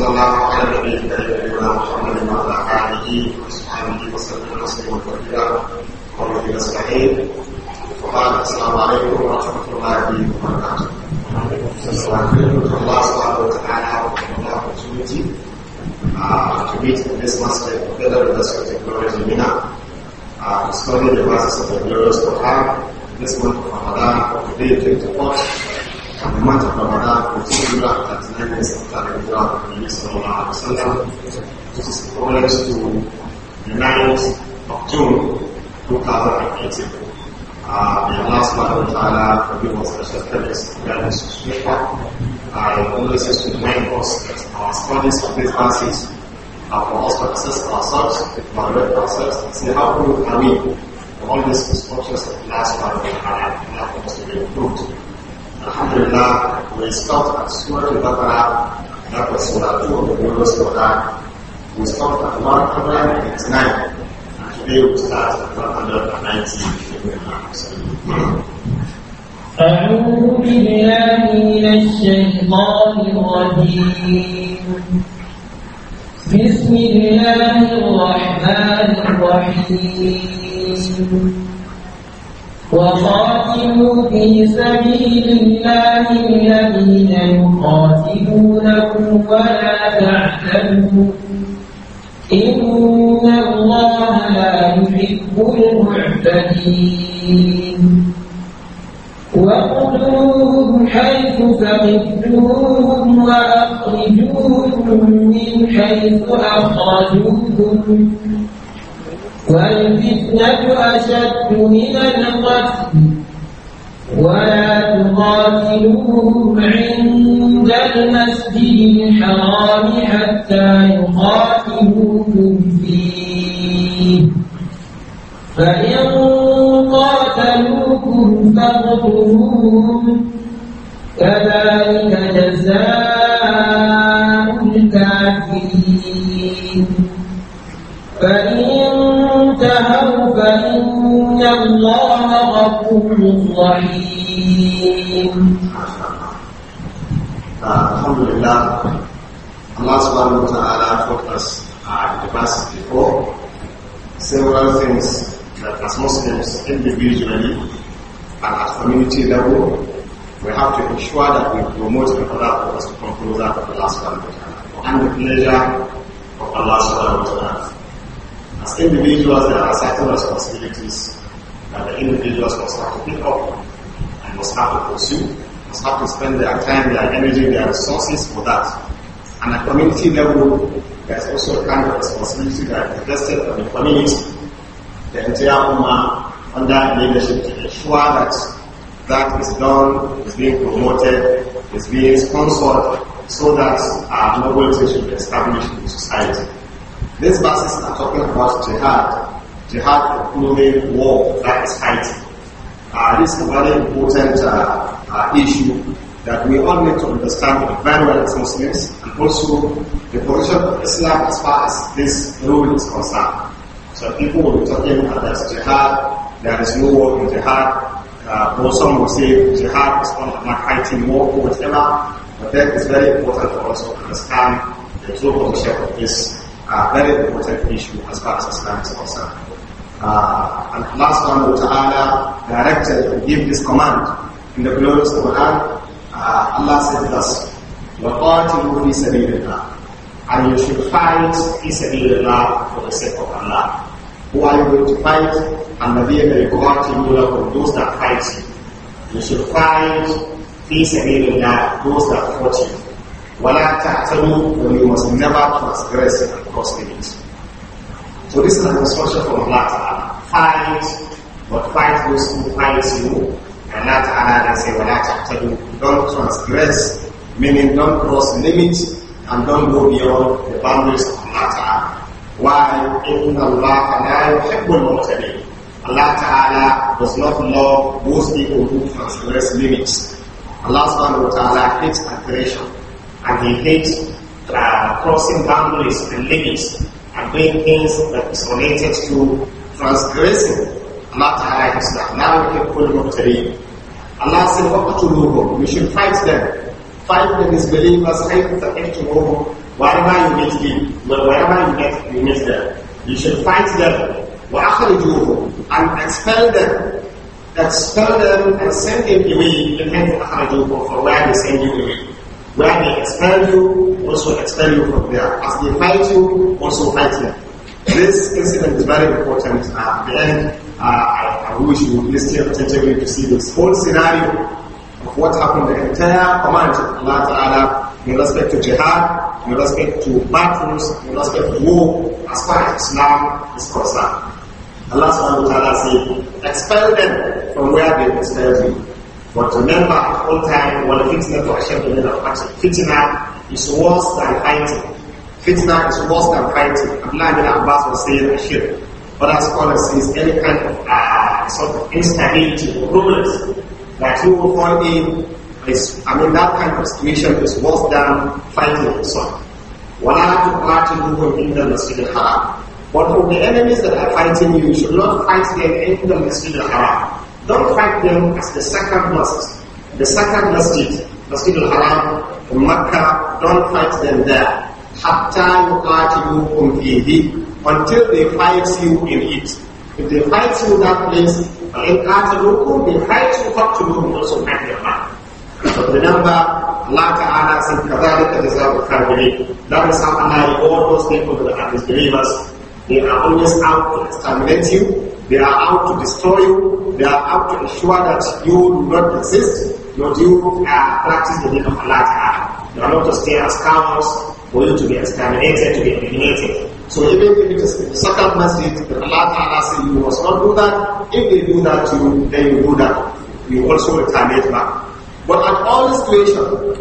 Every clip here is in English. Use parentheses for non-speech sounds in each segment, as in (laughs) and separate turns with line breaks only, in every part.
وصلى الله على نبينا محمد وعلى اله واصحابه وسلم تسليما كثيرا وبه نستعين وبعد السلام عليكم ورحمه الله وبركاته. Allah subhanahu wa ta'ala for the opportunity uh, to meet in this master together with the Scripture Glorious Mina, uh, to study the verses of the glorious Quran this month of Ramadan, today 24th في المنطقة الرمضان وتسير الله صلى الله عليه وسلم This is always to the 9th of June 2018. Uh, may Allah subhanahu I always used to remind us that our studies of these verses are for us to assess ourselves, evaluate ourselves, and see how good are we all these structures. of Allah subhanahu wa ta'ala and us to be improved. Alhamdulillah, we stopped at Surah Al-Baqarah, that was Surah 2 of the Glorious Quran. We stopped at 189, and today we start at 190.
أعوذ بالله من الشيطان الرجيم بسم الله الرحمن الرحيم وقاتلوا في سبيل الله الذين يقاتلونكم ولا تعتدوا إن الله لا يحب المعتدين وقتلوهم حيث ثقفتموهم وأخرجوهم من حيث أخرجوكم والفتنة أشد من القتل ولا تقاتلوهم عند المسجد الحرام حتى يقاتلوكم فيه فإن قاتلوكم فاقتلوهم كذلك جزاء الكافرين انتهوا فإن الله غفور رحيم الحمد لله Allah subhanahu wa ta'ala focused on capacity for
several things that as Muslims individually and at community level we have to ensure that we promote and allow for us to come closer to Allah subhanahu wa ta'ala and the pleasure of Allah subhanahu wa ta'ala. As individuals, there are certain responsibilities that the individuals must have to pick up and must have to pursue, must have to spend their time, their energy, their resources for that. And at community level, there's also a kind of responsibility that is vested on the community, the entire Ummah, under leadership to ensure that that is done, is being promoted, is being sponsored, so that our mobility should be established in society. These verses are talking about jihad, jihad including war, that is fighting. Uh, this is a very important uh, uh, issue that we all need to understand very well as Muslims and also the position of Islam as far as this rule is concerned. So people will be talking about jihad, there is no war in jihad, uh, or some will say jihad is not about fighting war or whatever, but that is very important for us to understand the true position of this a that is important issue as far as Islam is concerned. Uh, and Allah subhanahu wa ta'ala directed and gave this command in the glorious Quran. Uh, Allah said thus, وَقَاتِلُوا فِي سَبِيلِ اللَّهِ And you should fight فِي سَبِيلِ اللَّهِ for the sake of Allah. Who are you going to fight? الَّذِينَ يُقَاتِلُوا for Those that fight you. You should fight فِي سَبِيلِ اللَّهِ Those that fought you. وَلَا تَعْتَدُوا And you must never transgress and cross limits. So this is an instruction from Allah Ta'ala. Fight, but fight those who fight you. And Allah Ta'ala they say, وَلَا تَعْتَدُوا Don't transgress, meaning don't cross limits and don't go beyond the boundaries of Allah Ta'ala. Why? إِنَّ اللَّهَ لَا يُحِبُّ الْمُعْتَدِينَ Allah Ta'ala does not love those people who transgress limits. Allah subhanahu wa ta'ala hates aggression and he hates uh, crossing boundaries and limits and doing things that is related to transgressing Allah Ta'ala is not. Now we can pull up to Muqtari. Allah said, "What to وَقَتُلُوهُمْ We should fight them. Fight the disbelievers, fight the Ektumuhum, wherever you meet them, wherever you meet, you meet them. You should fight them. وَأَخْرِجُوهُمْ And expel them. Expel them and send them away. You can't أَخْرِجُوهُمْ for where they send you away. Where they expel you, also expel you from there. As they fight you, also fight them. This incident is very important. At uh, the end, uh, I, I, wish you would listen attentively to see this whole scenario of what happened. The entire command of Allah Ta'ala in respect to jihad, in respect to battles, in respect to war, as far as Islam is concerned. Allah Subhanahu Wa Ta'ala said, expel them from where they expelled you. But remember, at all time, when fitna to Hashem to al Fitna is worse than fighting. Fitna is worse than fighting. Abdullah ibn Abbas was saying Ashir. Other scholars says any kind of uh, sort of instability or rumors that you will fall in is, I mean, that kind of situation is worse than fighting for someone. وَلَا تُقَاتِلُهُمْ إِنَّ الْمَسْجِدِ الْحَرَامِ But from the enemies that are fighting you, you should not fight them in the Masjid al-Haram. Don't fight them as the second mosque. The second masjid, Masjid al-Haram Makkah. don't fight them there. Hatta yuqatilukum fihi, until they fight you in it. If they fight you in that place, فَإِنْ قَاتَلُوكُمْ They fight you, قَتْلُوهُمْ also fight your back. But remember, Allah Ta'ala said, كَذَلِكَ جَزَاءُ الْكَافِرِينَ That is how Allah rewards those people that are believers, They are always out to exterminate you, they are out to destroy you. They are out to ensure that you do not exist. Not you uh, practice the name of Allah. They are not to stay as cowards for you to be exterminated, to be eliminated. So even if it is the second message, the Allah Ta'ala you must not do that. If they do that to you, then you do that. You also retaliate back. But at all this situation,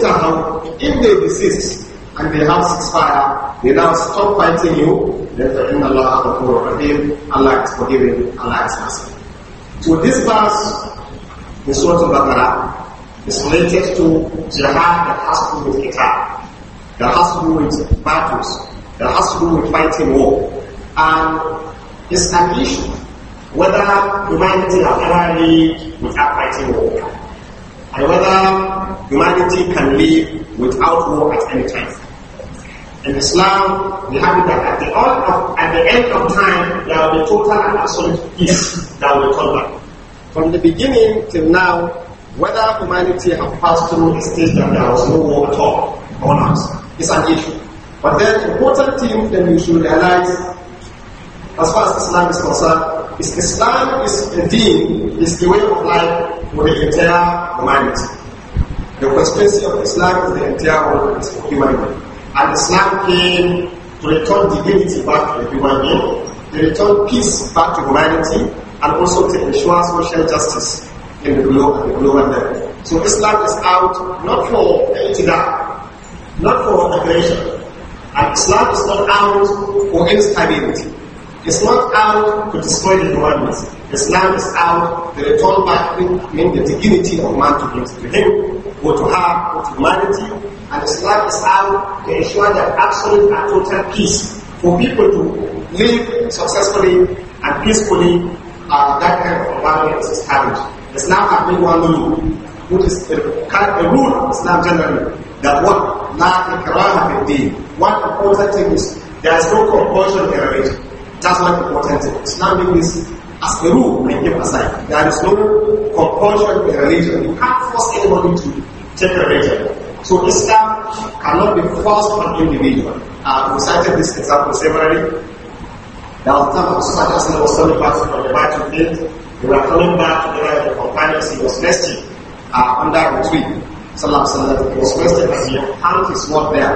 time, if they desist, and they have fire, they now stop fighting you, then the poor غَفُورٌ رَحِيمٌ Allah is forgiving, Allah is merciful. So this verse the Surah Al-Baqarah is related to jihad that has to do with qitar, that has to do with battles, that has to do with fighting war. And it's an issue whether humanity are ever without fighting war, and whether humanity can live without war at any time. In Islam, we have it that at the, of, at the end of time, there will be total and absolute peace that will come back. From the beginning till now, whether humanity have passed through a stage that there was no war at all or not, is an issue. But then, important thing that we should realize, as far as Islam is concerned, is Islam is a deen, is the way of life for the entire humanity. The conspiracy of Islam is the entire world, is for humanity. And Islam came to return dignity back to the human being, to return peace back to humanity, and also to ensure social justice in the global, the global level. So Islam is out not for itidal, not for aggression. And Islam is not out for instability. It's not out to destroy the humanity. Islam is out to return back, mean the dignity of man to him, or to have or to humanity. And Islam is how to ensure that absolute and total peace for people to live successfully and peacefully uh, that kind of environment is established. Islam has made one rule, which is the, the rule of Islam generally, that what la ikraha fi One important thing is there is no compulsion in religion. That's one important thing. Islam means as a rule and give aside. There is no compulsion in religion. You can't force anybody to generated. So Islam cannot be forced on individual. Uh, we cited this example severally. The Sultan Muhammad was coming back from the battle field.
They were coming back together with the companions. He was resting uh, under a tree. Sallallahu Alaihi He was resting and he hung his sword there.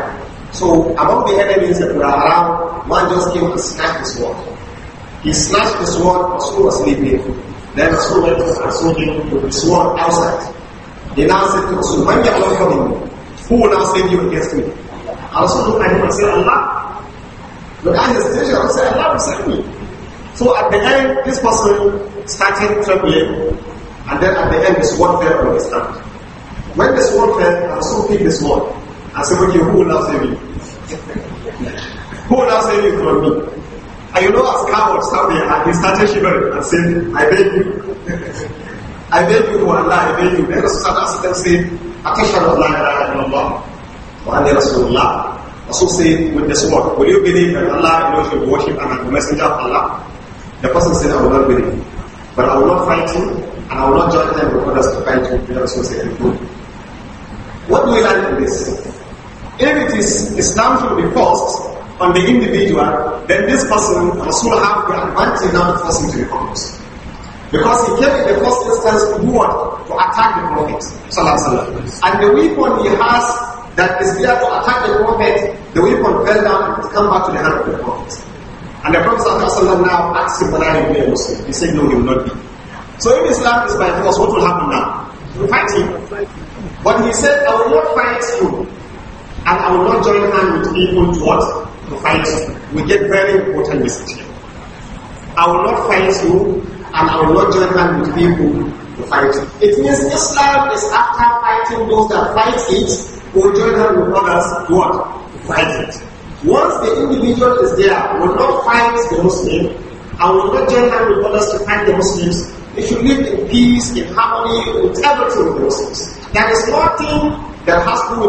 So among the enemies that were around, one just came and snatched his sword. He snatched his sword, Rasul was sleeping. Then Rasul went and sold him with his sword outside. they now said to Rasul, when you Allah coming, who will now save you against me? Rasulullah said, Allah. Look at his situation. I said, Allah will save me. So at the end, this person started trembling, and then at the end, this one fell on his hand. When this one fell, Rasul picked this one and said, okay, who will now save you? who will now save you from me? And you know, as cowards, how they he started shivering and said, I beg you. I beg you to Allah, I beg you. Then Rasulullah them say, Atashadu Allah ilaha illallah. Wa anni Rasulullah. Rasul said with this word, will you believe that Allah knows your worship and I'm the messenger of Allah? The person said, I will not believe. But I will not fight you and I will not join them with others to fight you. The Rasul said, good. What do we learn from this? If it is Islam should be forced on the individual, then this person, Rasul have the advantage now to force him to be honest. Because he came in the first instance to do what? To attack the Prophet. And the weapon he has that is there to attack the Prophet, the weapon fell down and come back to the hand of the Prophet. And the Prophet now asks him whether he will be a Muslim. He said, No, he will not be. So if Islam is by force, what will happen now? We fight him. But he said, I will not fight you, and I will not join hand with evil to what? To fight you. We get very important message here. I will not fight you, and I will not join hands with people to fight it. It means Islam is after fighting those that fight it Will join hands with others to what? To fight it. Once the individual is there, will not fight the Muslim, and will not join hands with others to fight the Muslims, they should live in peace, in harmony with everything with the Muslims. There is nothing that has to do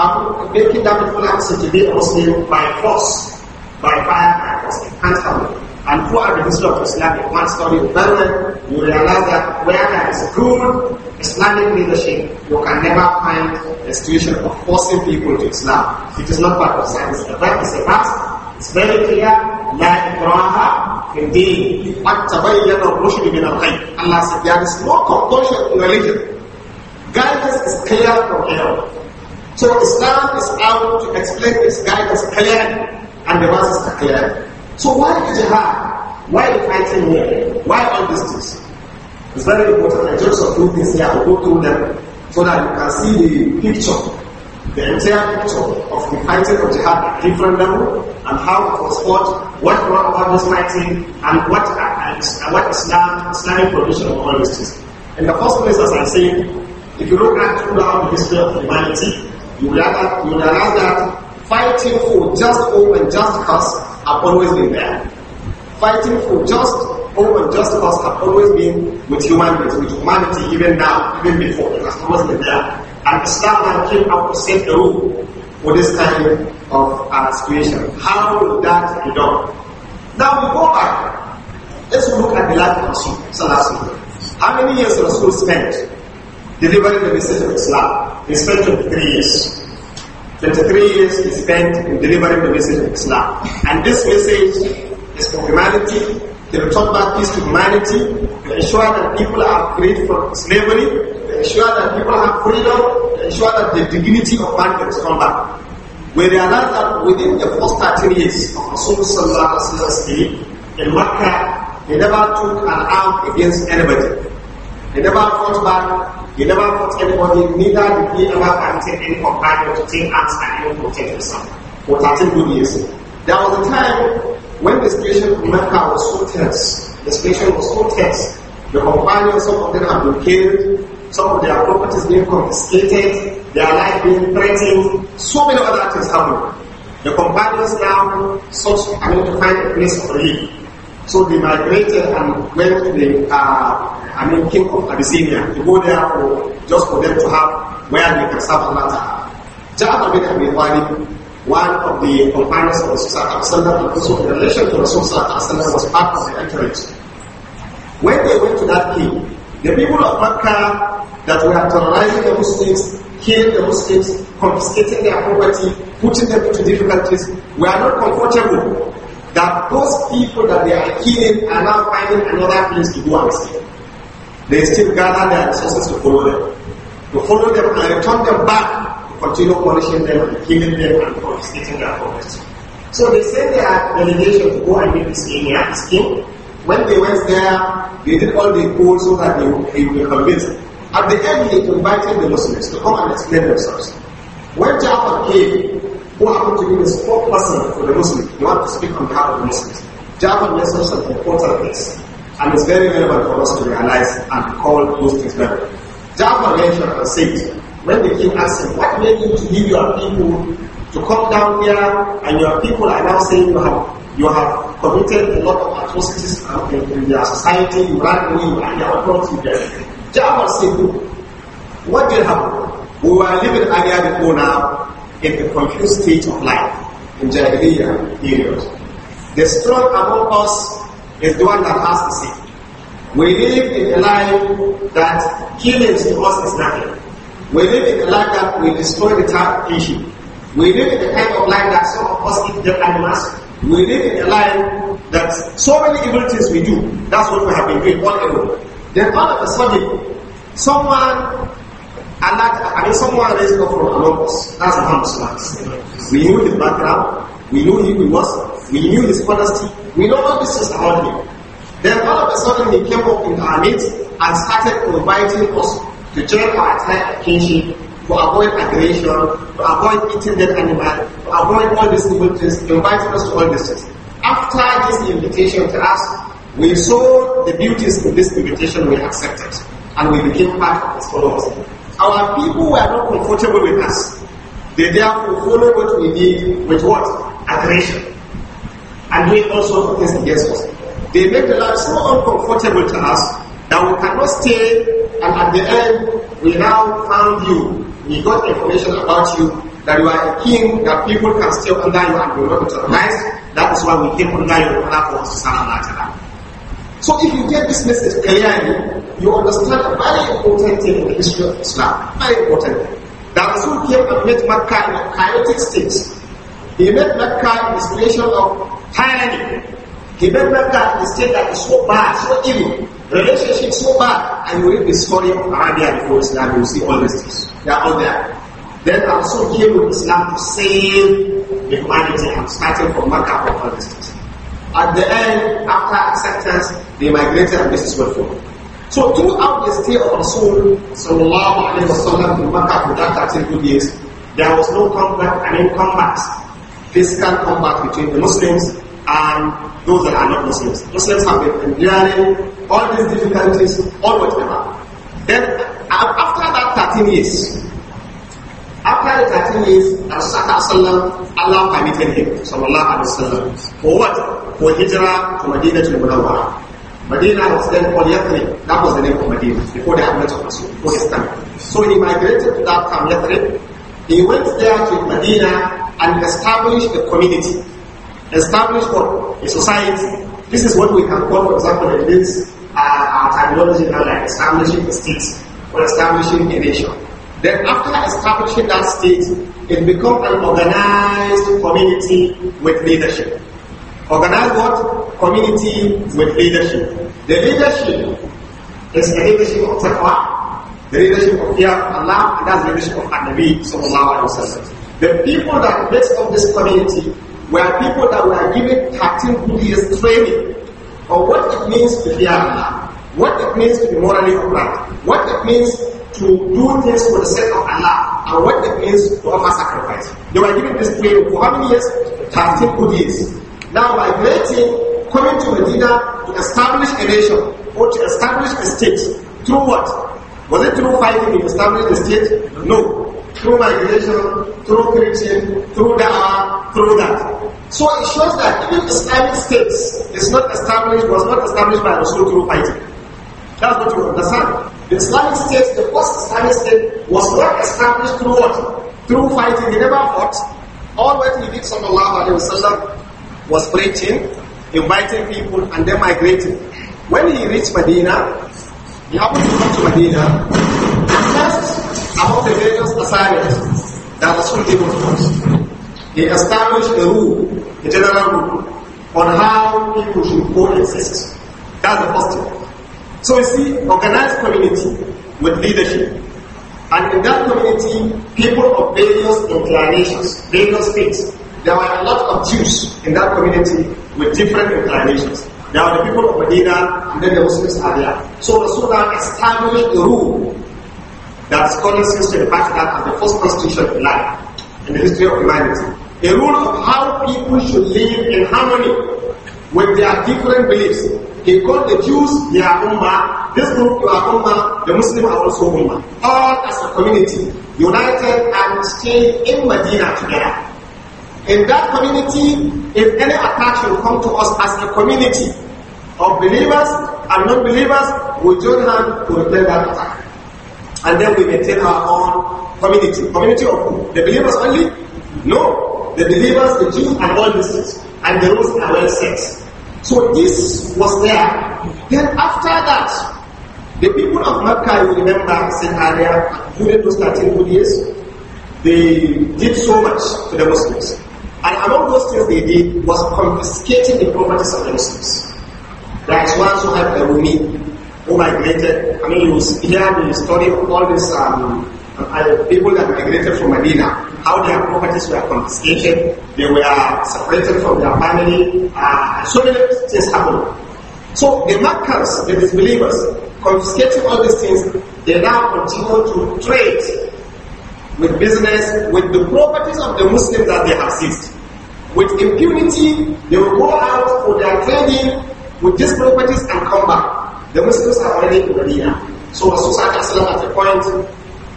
um, with making that people have to be a Muslim by force, by fire, by force. It can't happen. And who are the history of Islam, if one story of well, you realize that where there is good Islamic leadership, you can never find a situation of forcing people to Islam. It is not part of science. The fact is a fact. It's very clear. La ikraha in deen. What tabayyana rushd min al-ghayb. Allah said there is no compulsion in religion. Guidance is clear from hell. So Islam is out to explain its guidance clearly, and the verses are clear. So why jihad? Why the fighting here? Why all these things? It's very important. I just a do this here. I'll go through them so that you can see the picture, the entire picture of the fighting of jihad at different level and how it was fought, what brought about this fighting, and what uh, and, and what Islam, Islamic position of all these things. In the first place, as I said, if you look at throughout the history of humanity, you will that, you realize that fighting for just hope and just cause have always been there. Fighting for just, oh, just cause have always been with humanity, with humanity even now, even before, it has always been there. And Islam now came up to set the rule for this kind of uh, situation. How would that be done? Now we go back. Let's look at the life of Rasul. Sallallahu How many years Rasul spent delivering the message of Islam? He spent 23 years. 23 years he spent in delivering the message of Islam. And this message is for humanity, to talk back peace to humanity, to ensure that people are freed from slavery, to ensure that people have freedom, to ensure that the dignity of man gets come back. We realize that within the first 13 years of Rasul's in Makkah, he never took an arm against anybody. He never fought back you never hurt anybody, neither did we ever partake any companion to take arms and even protect yourself for 13 good years. There was a time when the situation of was so tense. The situation was so tense. The companions, some of them have been killed, some of their properties being confiscated, their life being threatened, so many other things happened. The companions now sought I mean, to find a place of relief. So they migrated and went to the uh, I mean king of Abyssinia to go there for just for them to have where they can serve Allah. Jabir bin Abi Talib, one of the companions of Rasul and also in relation to Rasul was part of the entourage. When they went to that king, the people of Makkah that were terrorizing the Muslims, killing the Muslims, confiscating their property, putting them into difficulties, were not comfortable that those people that they are killing are now finding another place to go and stay. They still gather their resources to follow them, to follow them and return them back to continue punishing them and killing them and confiscating their property. So they sent their delegation to go and meet this Indian king. When they went there, they did all they could so that they would, he would be convinced. At the end, he invited the Muslims to come and explain themselves. When Jafar came, who happened to be the spokesperson for the Muslim, You want to speak on behalf of the Muslims. Java lessons are important things, and it's very relevant for us to realize and call those things relevant. Java mentioned and said, when the king asked him, what made you to leave your people to come down here, and your people are now saying you have, you have committed a lot of atrocities in, in their society, you ran away, you ran your authority there. Jabal said, What did happen? We were living earlier before now, in the confused state of life in Jahiliyyah period. The strong among us is the one that has to seek. We live in a life that killing to us is nothing. We live in a life that we destroy the time issue. We live in the kind of life that some of us eat dead animals. We live in a life that so many evil things we do. That's what we have been doing all along. Then all of a sudden, someone and that, I mean, someone raised up from among us. That's Muhammad Sallallahu We knew his background. We knew who he was. We knew his honesty. We know all this is about him. Then all of a sudden he came up in our midst and started inviting us to join our entire kinship, to avoid aggression, to avoid eating dead animal, to avoid all these evil things, inviting us to all these things. After this invitation to us, we saw the beauties of this invitation we accepted and we became part of his followers. Our people were not comfortable with us. They therefore follow what we need with what? Aggression. And doing all sorts of things against us. They make the life so uncomfortable to us that we cannot stay and at the end we now found you. We got information about you that you are a king that people can stay under you and be not recognized. That is why we came under your in order for us to serve Allah. So if you get this message clearly, you understand a very important thing in the history of Islam. Very important. The Rasul came and met Makkah in a chaotic state. He met Makkah in the situation of tyranny. He met Makkah in a state that is so bad, so evil, relationship so bad. And you read the story of Arabia before Islam, you see all these things. They are all there. Then Rasul came with Islam to save the humanity and starting from Makkah from all these things. At the end, after acceptance, they migrated and this is fulfilled. So throughout the stay of Rasul Sallallahu Alaihi Wasallam in Makkah for that 13 good years, there was no combat, I mean combat, physical combat between the Muslims and those that are not Muslims. Muslims have been enduring all these difficulties, all whatever. Then after that 13 years, after the 13 years, Rasulullah Allah permitted him, sallallahu alayhi wa sallam, for what? for hijrah to Medina to Munawwara. Medina was then called Yathrib. That was the name of Medina before the advent of Rasul, before Islam. So he migrated to that town, Yathrib. He went there to Medina and established a community, established what? A society. This is what we can call, for example, in this uh, our terminology now, like establishing a state or establishing a nation. Then after establishing that state, it becomes an organized community with leadership. Organize what? Community with leadership. The leadership is the leadership of taqwa, the leadership of fear of Allah, and that's the leadership of Nabi sallallahu alayhi wa sallam. The people that makes up this community were people that were given 13 years training on what it means to fear Allah, what it means to be morally upright, what it means to do things for the sake of Allah, and what it means to offer sacrifice. They were given this training for how many years? 13 years. Now, migrating, coming to Medina to establish a nation or to establish a state, through what? Was it through fighting to establish a state? No. Through migration, through preaching, through da'wah, through that. So it shows that even Islamic states is not established, was not established by Rasul through fighting. That's what you understand. The Islamic state, the first Islamic state, was not established through what? Through fighting. He never fought. All what he did, sallallahu alayhi wa sallam, was preaching, inviting people, and then migrating. When he reached Medina, he happened to come to Medina, first among the various assignments that Rasul gave us, he established a rule, a general rule, on how people should coexist. That's the first thing. So you see, organized community with leadership. And in that community, people of various inclinations, various faiths, there were a lot of Jews in that community with different inclinations. There were the people of Medina, and then the Muslims are there. So Rasulullah established a rule that scholars used to refer to that as the first constitution in life, in the history of humanity. A rule of how people should live in harmony with their different beliefs. He called the Jews their Ummah, this group you are Ummah, the Muslims are also Ummah. All as a community, united and staying in Medina together. In that community, if any attack will come to us as a community of believers and non-believers, we join hands to repel that attack. And then we maintain our own community. Community of who? The believers only? No. The believers, the Jews, and all Muslims. And the rules are well set. So this was there. Then after that, the people of Mecca, you remember, said earlier, during those 13 good years, they did so much to the Muslims. And among those things they did was confiscating the properties of the Muslims. There is one who had a Rumi who migrated. I mean, you hear the story of all these um, uh, uh, people that migrated from Medina, how their properties were confiscated, they were separated from their family, uh, so many things happened. So the Makkans, the disbelievers, confiscating all these things, they now continue to trade with business, with the properties of the Muslims that they have seized. With impunity, they will go out for their trading with these properties and come back. The Muslims are already in Medina. So Rasulullah at a point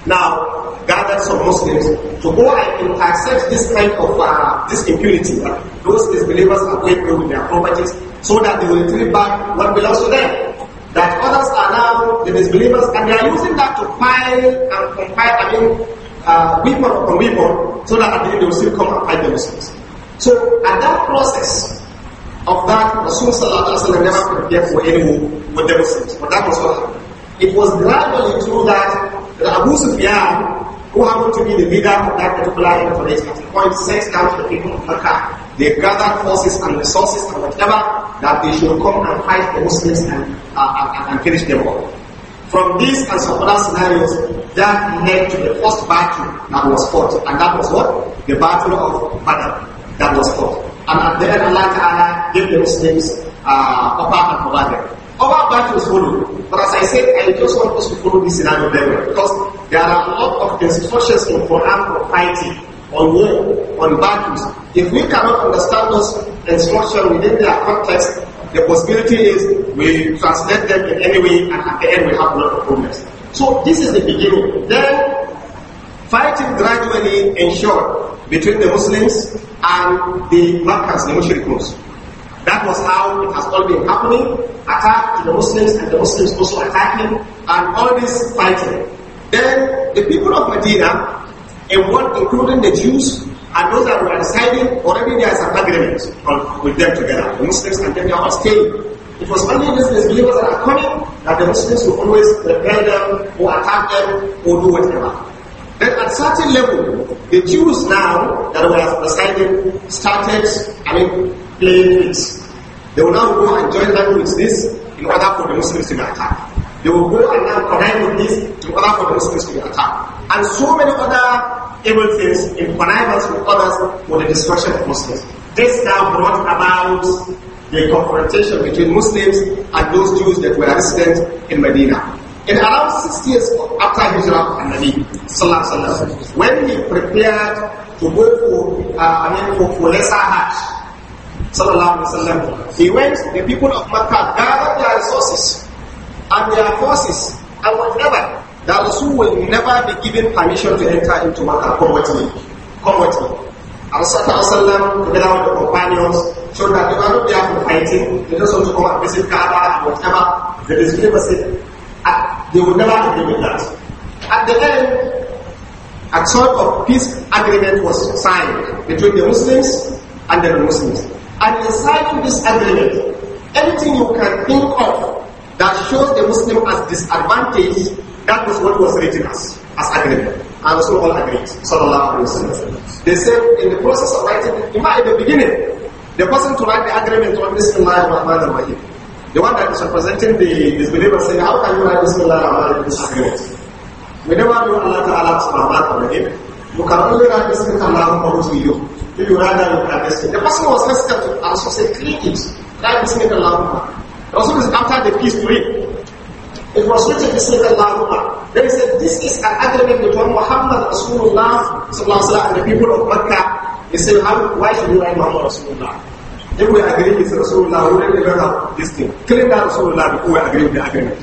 now gathered some Muslims to go and accept this kind of uh, this impunity uh, those disbelievers are going away with their properties so that they will retrieve back what belongs to them that others are now the disbelievers, and they are using that to file and compile, I mean, uh, weapon upon weapon, so that at the end they will still come and fight the Muslims. So at that process of that, Rasul never prepared for any war with the Muslims. But that was what happened. It was gradually through that that Abu Sufyan, who happened to be the leader of that particular enterprise, at the point sent out the people of Mecca. They gathered forces and resources and whatever that they should come and fight the Muslims and, uh, and, and finish them all. From this and some other scenarios, that led to the first battle that was fought. And that was what? The battle of Badr that was fought. And at the end, Allah Ta'ala gave the Muslims uh, upper hand for Badr. battles followed. But as I said, I just want us to follow this scenario very well. Because there are a lot of instructions in Quran for fighting, on war, on battles. If we cannot understand those instructions within their context, the possibility is we translate them in any way and at the end we have a lot of problems. So this is the beginning. Then fighting gradually ensured between the Muslims and the Makkans, the Mushrikuns. That was how it has all been happening. Attack to the Muslims and the Muslims also attacking and all this fighting. Then the people of Medina, and what including the Jews and those that were residing, already there is an agreement with them together. The Muslims and them they are all staying it was only these believers that are coming that the Muslims will always repel them or attack them or do whatever. Then at certain level, the Jews now that were presiding started, I mean, playing tricks. They will now go and join them with this in order for the Muslims to be attacked. They will go and now connive with this in order for the Muslims to be attacked. And so many other evil things in connivance with others for the destruction of Muslims. This now brought about the confrontation between Muslims and those Jews that were resident in Medina. In around six years after Hijrah and Nabi, sallam, when he prepared to go for, uh, I mean, for, for lesser Hajj, sallallahu he went, the people of Makkah gathered their resources and their forces and whatever. the Rasul will never be given permission to enter into Makkah, come with me. Come with me. Rasul together with the companions, so that if I who they are fighting, they just want to come and visit Kaaba and whatever the famous. And they would ah, never agree with that. At the end, a sort of peace agreement was signed between the Muslims and the Muslims. And in signing this agreement, anything you can think of that shows the Muslim as disadvantaged, that was what was written as, as agreement. And Rasul all agreed. Sallallahu Alaihi Wasallam. They said in the process of writing, in the beginning, the person to write the agreement on Bismillah ar-Rahman ar-Rahim. The one that is representing the disbeliever saying, how can you write Bismillah ar-Rahman in this agreement? Whenever you Allah Ta'ala is Rahman you can only write Bismillah ar-Rahman to you. If you write that, you can listen. The person was listening to also say, clean it. Write Bismillah ar-Rahman. Also, after the peace to read. It was written, to Bismillahirrahmanirrahim. Then they said, this is an agreement between Muhammad Rasulullah and the people of Mecca. They said, why should we write Muhammad Rasulullah? If we agree with Rasulullah, we will never have this thing. Claim that Rasulullah before we agree with the agreement.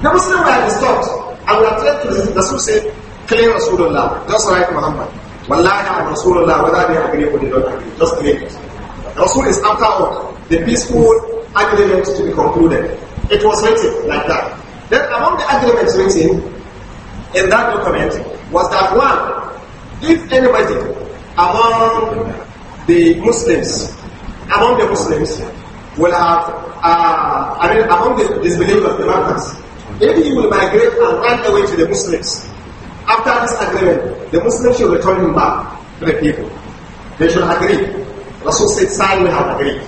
The Muslim were stopped? I will attract to Rasul said, claim Rasulullah, just write Muhammad. Wallahi and Rasulullah, whether they agree or they don't agree, just claim it. Rasul is after all, the peaceful agreement to be concluded. It was written like that. Then among the agreements written in that document was that one, if anybody among the Muslims, among the Muslims will have, uh, I mean among the disbelievers, the martyrs, if he will migrate and run away to the Muslims, after this agreement, the Muslims should return him back to the people. They should agree. Rasul said, sign we have agreed.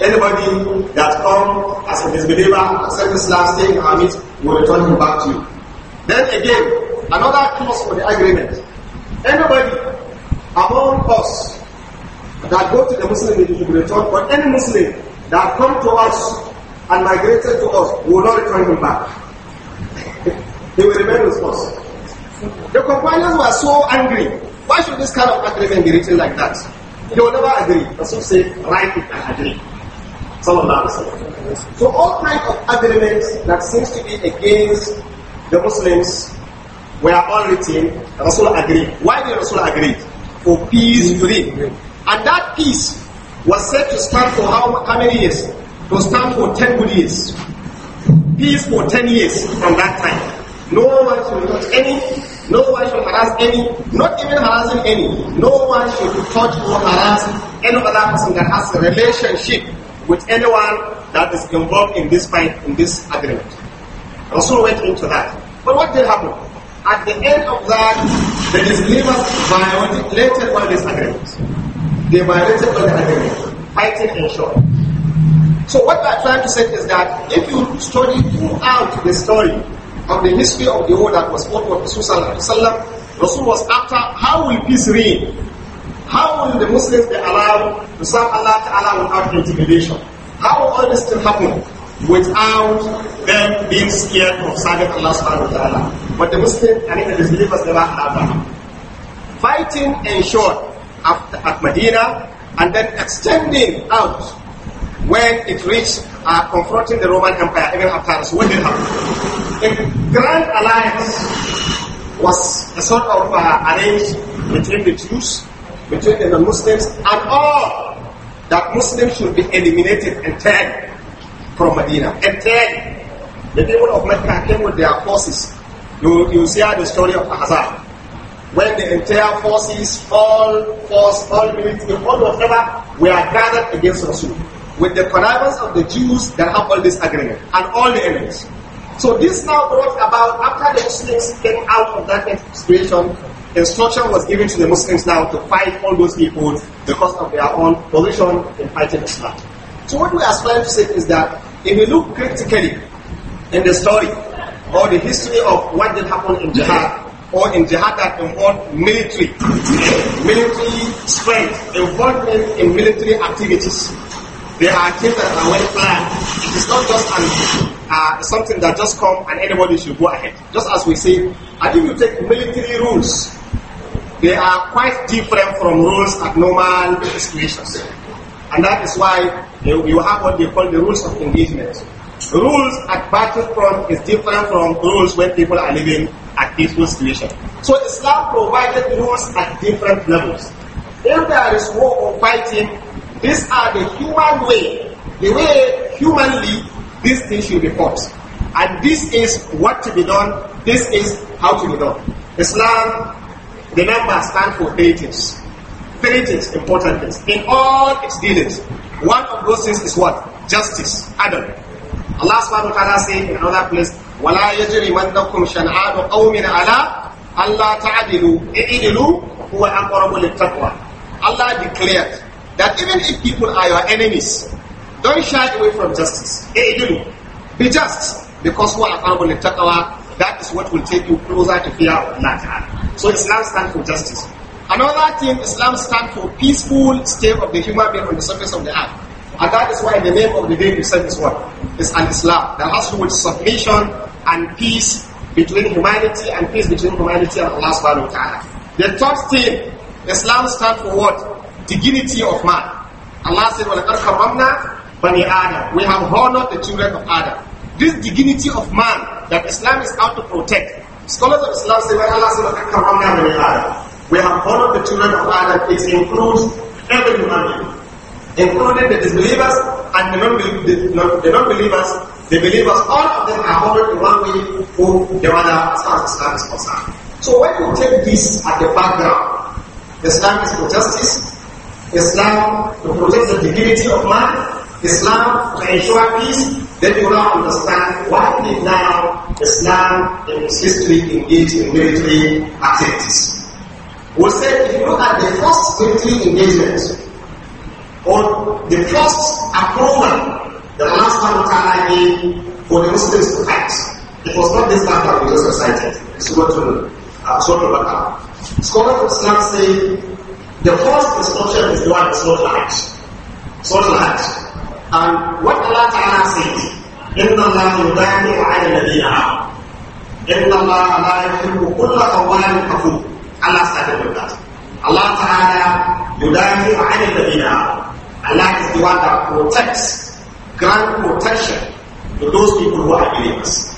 Anybody that come as a disbeliever, accept Islam, stay in Hamid, will return him back to you. Then again, another clause for the agreement. Anybody among us that go to the Muslim religion will return, but any Muslim that come to us and migrated to us will not return him back. (laughs) he will remain with us. The companions were so angry. Why should this kind of agreement be written like that? They will never agree. Rasul said, write it and agree. So all kinds of agreements that seems to be against the Muslims were all written, Rasul agreed. Why did Rasul agree? For peace to live. And that peace was said to stand for how, how many years? To stand for 10 good years. Peace for 10 years from that time. No one should touch any, no one should harass any, not even harassing any. No one should touch or harass any other person that has a relationship with anyone that is involved in this fight, in this agreement. Rasul went into that. But what did happen? At the end of that, the disbelievers violated all this agreements. They violated all the agreements, fighting and short. So what we are trying to say is that if you study throughout the story of the history of the war that was fought with Rasul Rasul was after how will peace reign how will the Muslims be allowed to serve Allah Ta'ala without intimidation? How will all this still happen without them being scared of serving Allah subhanahu wa ta'ala? But the Muslims and the believers never allowed that. Fighting ensured after, at Medina and then extending out when it reached uh, confronting the Roman Empire, even after us, what did happen? A grand alliance was a sort of uh, arranged between the Jews between the muslims and all that Muslims should be eliminated entirely from Medina. Entirely. The people of Mecca came with their forces. You, you see the story of Ahzab. When the entire forces, all force, all military, all whatever, were gathered against Rasul. With the connivance of the Jews that have all this agreement and all the enemies. So this now brought about after the Muslims came out of that situation. instruction was given to the Muslims now to fight all those people because of their own position in fighting Islam. So what we are trying to say is that if we look critically in the story or the history of what did happen in jihad, or in jihad that involved military, military strength, involvement in military activities. There are things that are well planned. It is not just an, uh, something that just come and anybody should go ahead. Just as we say, I think you take military rules they are quite different from rules at normal situations. And that is why you have what they call the rules of engagement. Rules at battlefront is different from rules when people are living at peaceful situation. So Islam provided rules at different levels. If there is war or fighting, these are the human way, the way humanly these things should be fought. And this is what to be done, this is how to be done. Islam The number stands for three things. Three things, important things. In all its dealings, one of those things is what? Justice, Adam. Allah subhanahu wa ta'ala in another place, وَلَا يَجْرِمَنَّكُمْ شَنْعَانُ قَوْمٍ عَلَىٰ أَلَّا تَعَدِلُوا إِعِدِلُوا هُوَ أَقْرَبُ لِلتَّقْوَىٰ Allah declared that even if people are your enemies, don't shy away from justice. Be just, because who are accountable in taqwa, That is what will take you closer to fear of Allah So Islam stands for justice. Another thing, Islam stands for peaceful state of the human being on the surface of the earth. And that is why the name of the day we said is what? It's al-Islam. That has to do with submission and peace between humanity and peace between humanity and Allah subhanahu wa ta'ala. The third thing, Islam stands for what? Dignity of man. Allah said, وَلَقَدْ but بَنِي آدَمَ We have honored the children of Adam. This dignity of man that Islam is out to protect. Scholars of Islam say when Allah says, We have honored the children of Adam, it includes every human being including the disbelievers and the non-believers, the, believers, all of them are honored in one way or the other as far as Islam is concerned. So when you take this at the background, Islam is for justice, Islam to protect the dignity of man, Islam to ensure peace, then you now understand why did now Islam in its history engage in military activities. We say if you look at the first military engagement or the first approval the last one Ta'ala gave for the Muslims to act, it was not this one that we just recited, It's Surah to uh, of Al-Baqarah. Scholars of Islam say the first destruction is the one that's not light. It's not light. قال what Allah Ta'ala says, إِنَّ اللَّهَ يُدَافِعُ عَنِ الَّذِينَ إِنَّ اللَّهَ لَا يُحِبُّ كُلَّ خَوَّانٍ كَفُورٍ Allah started with الله تعالى يُدَافِعُ عَنِ الَّذِينَ الله is the one that protects, grant protection to those people who are believers.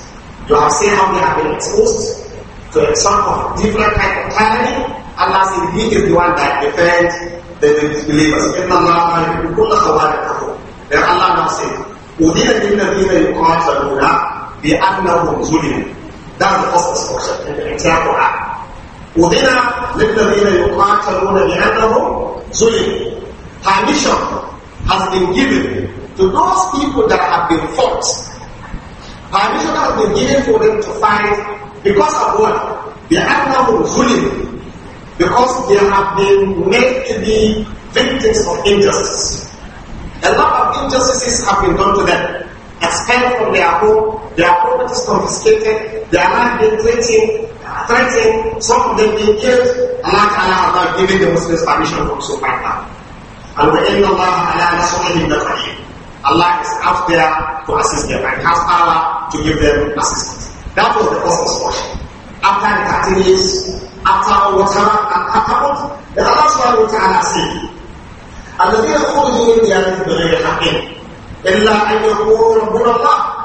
You have seen how they have been exposed to a sort of different kind of tyranny. Allah says He is the one that defends the disbelievers. إِنَّ اللَّهَ يُحِبُّ كُلَّ خَوَّانٍ كَفُورٍ Then Allah na say udina lil ladina yuqataluna bi annahum zulimu that's the first portion in the entire Quran udina lil ladina yuqataluna bi annahum zulimu permission has been given to those people that have been fought permission has been given for them to fight because of what the annahum zulimu because they have been made to be victims of injustice a lot of injustices have been done to them. Expelled from their home, their property is confiscated, their land being threatened, uh, threatened, some of them being killed. Allah Ta'ala has not given the Muslims permission from so far now. And وَإِنَّ اللَّهَ عَلَىٰ نَصْرِهِمْ لَقَدِيرٌ Allah is out there to assist them and has power to give them assistance. That was the first instruction. After the 13 years, after what happened, after what? Then Allah subhanahu wa ta'ala said, الذين خرجوا من ديارهم بغير حق إلا أن يقولوا ربنا الله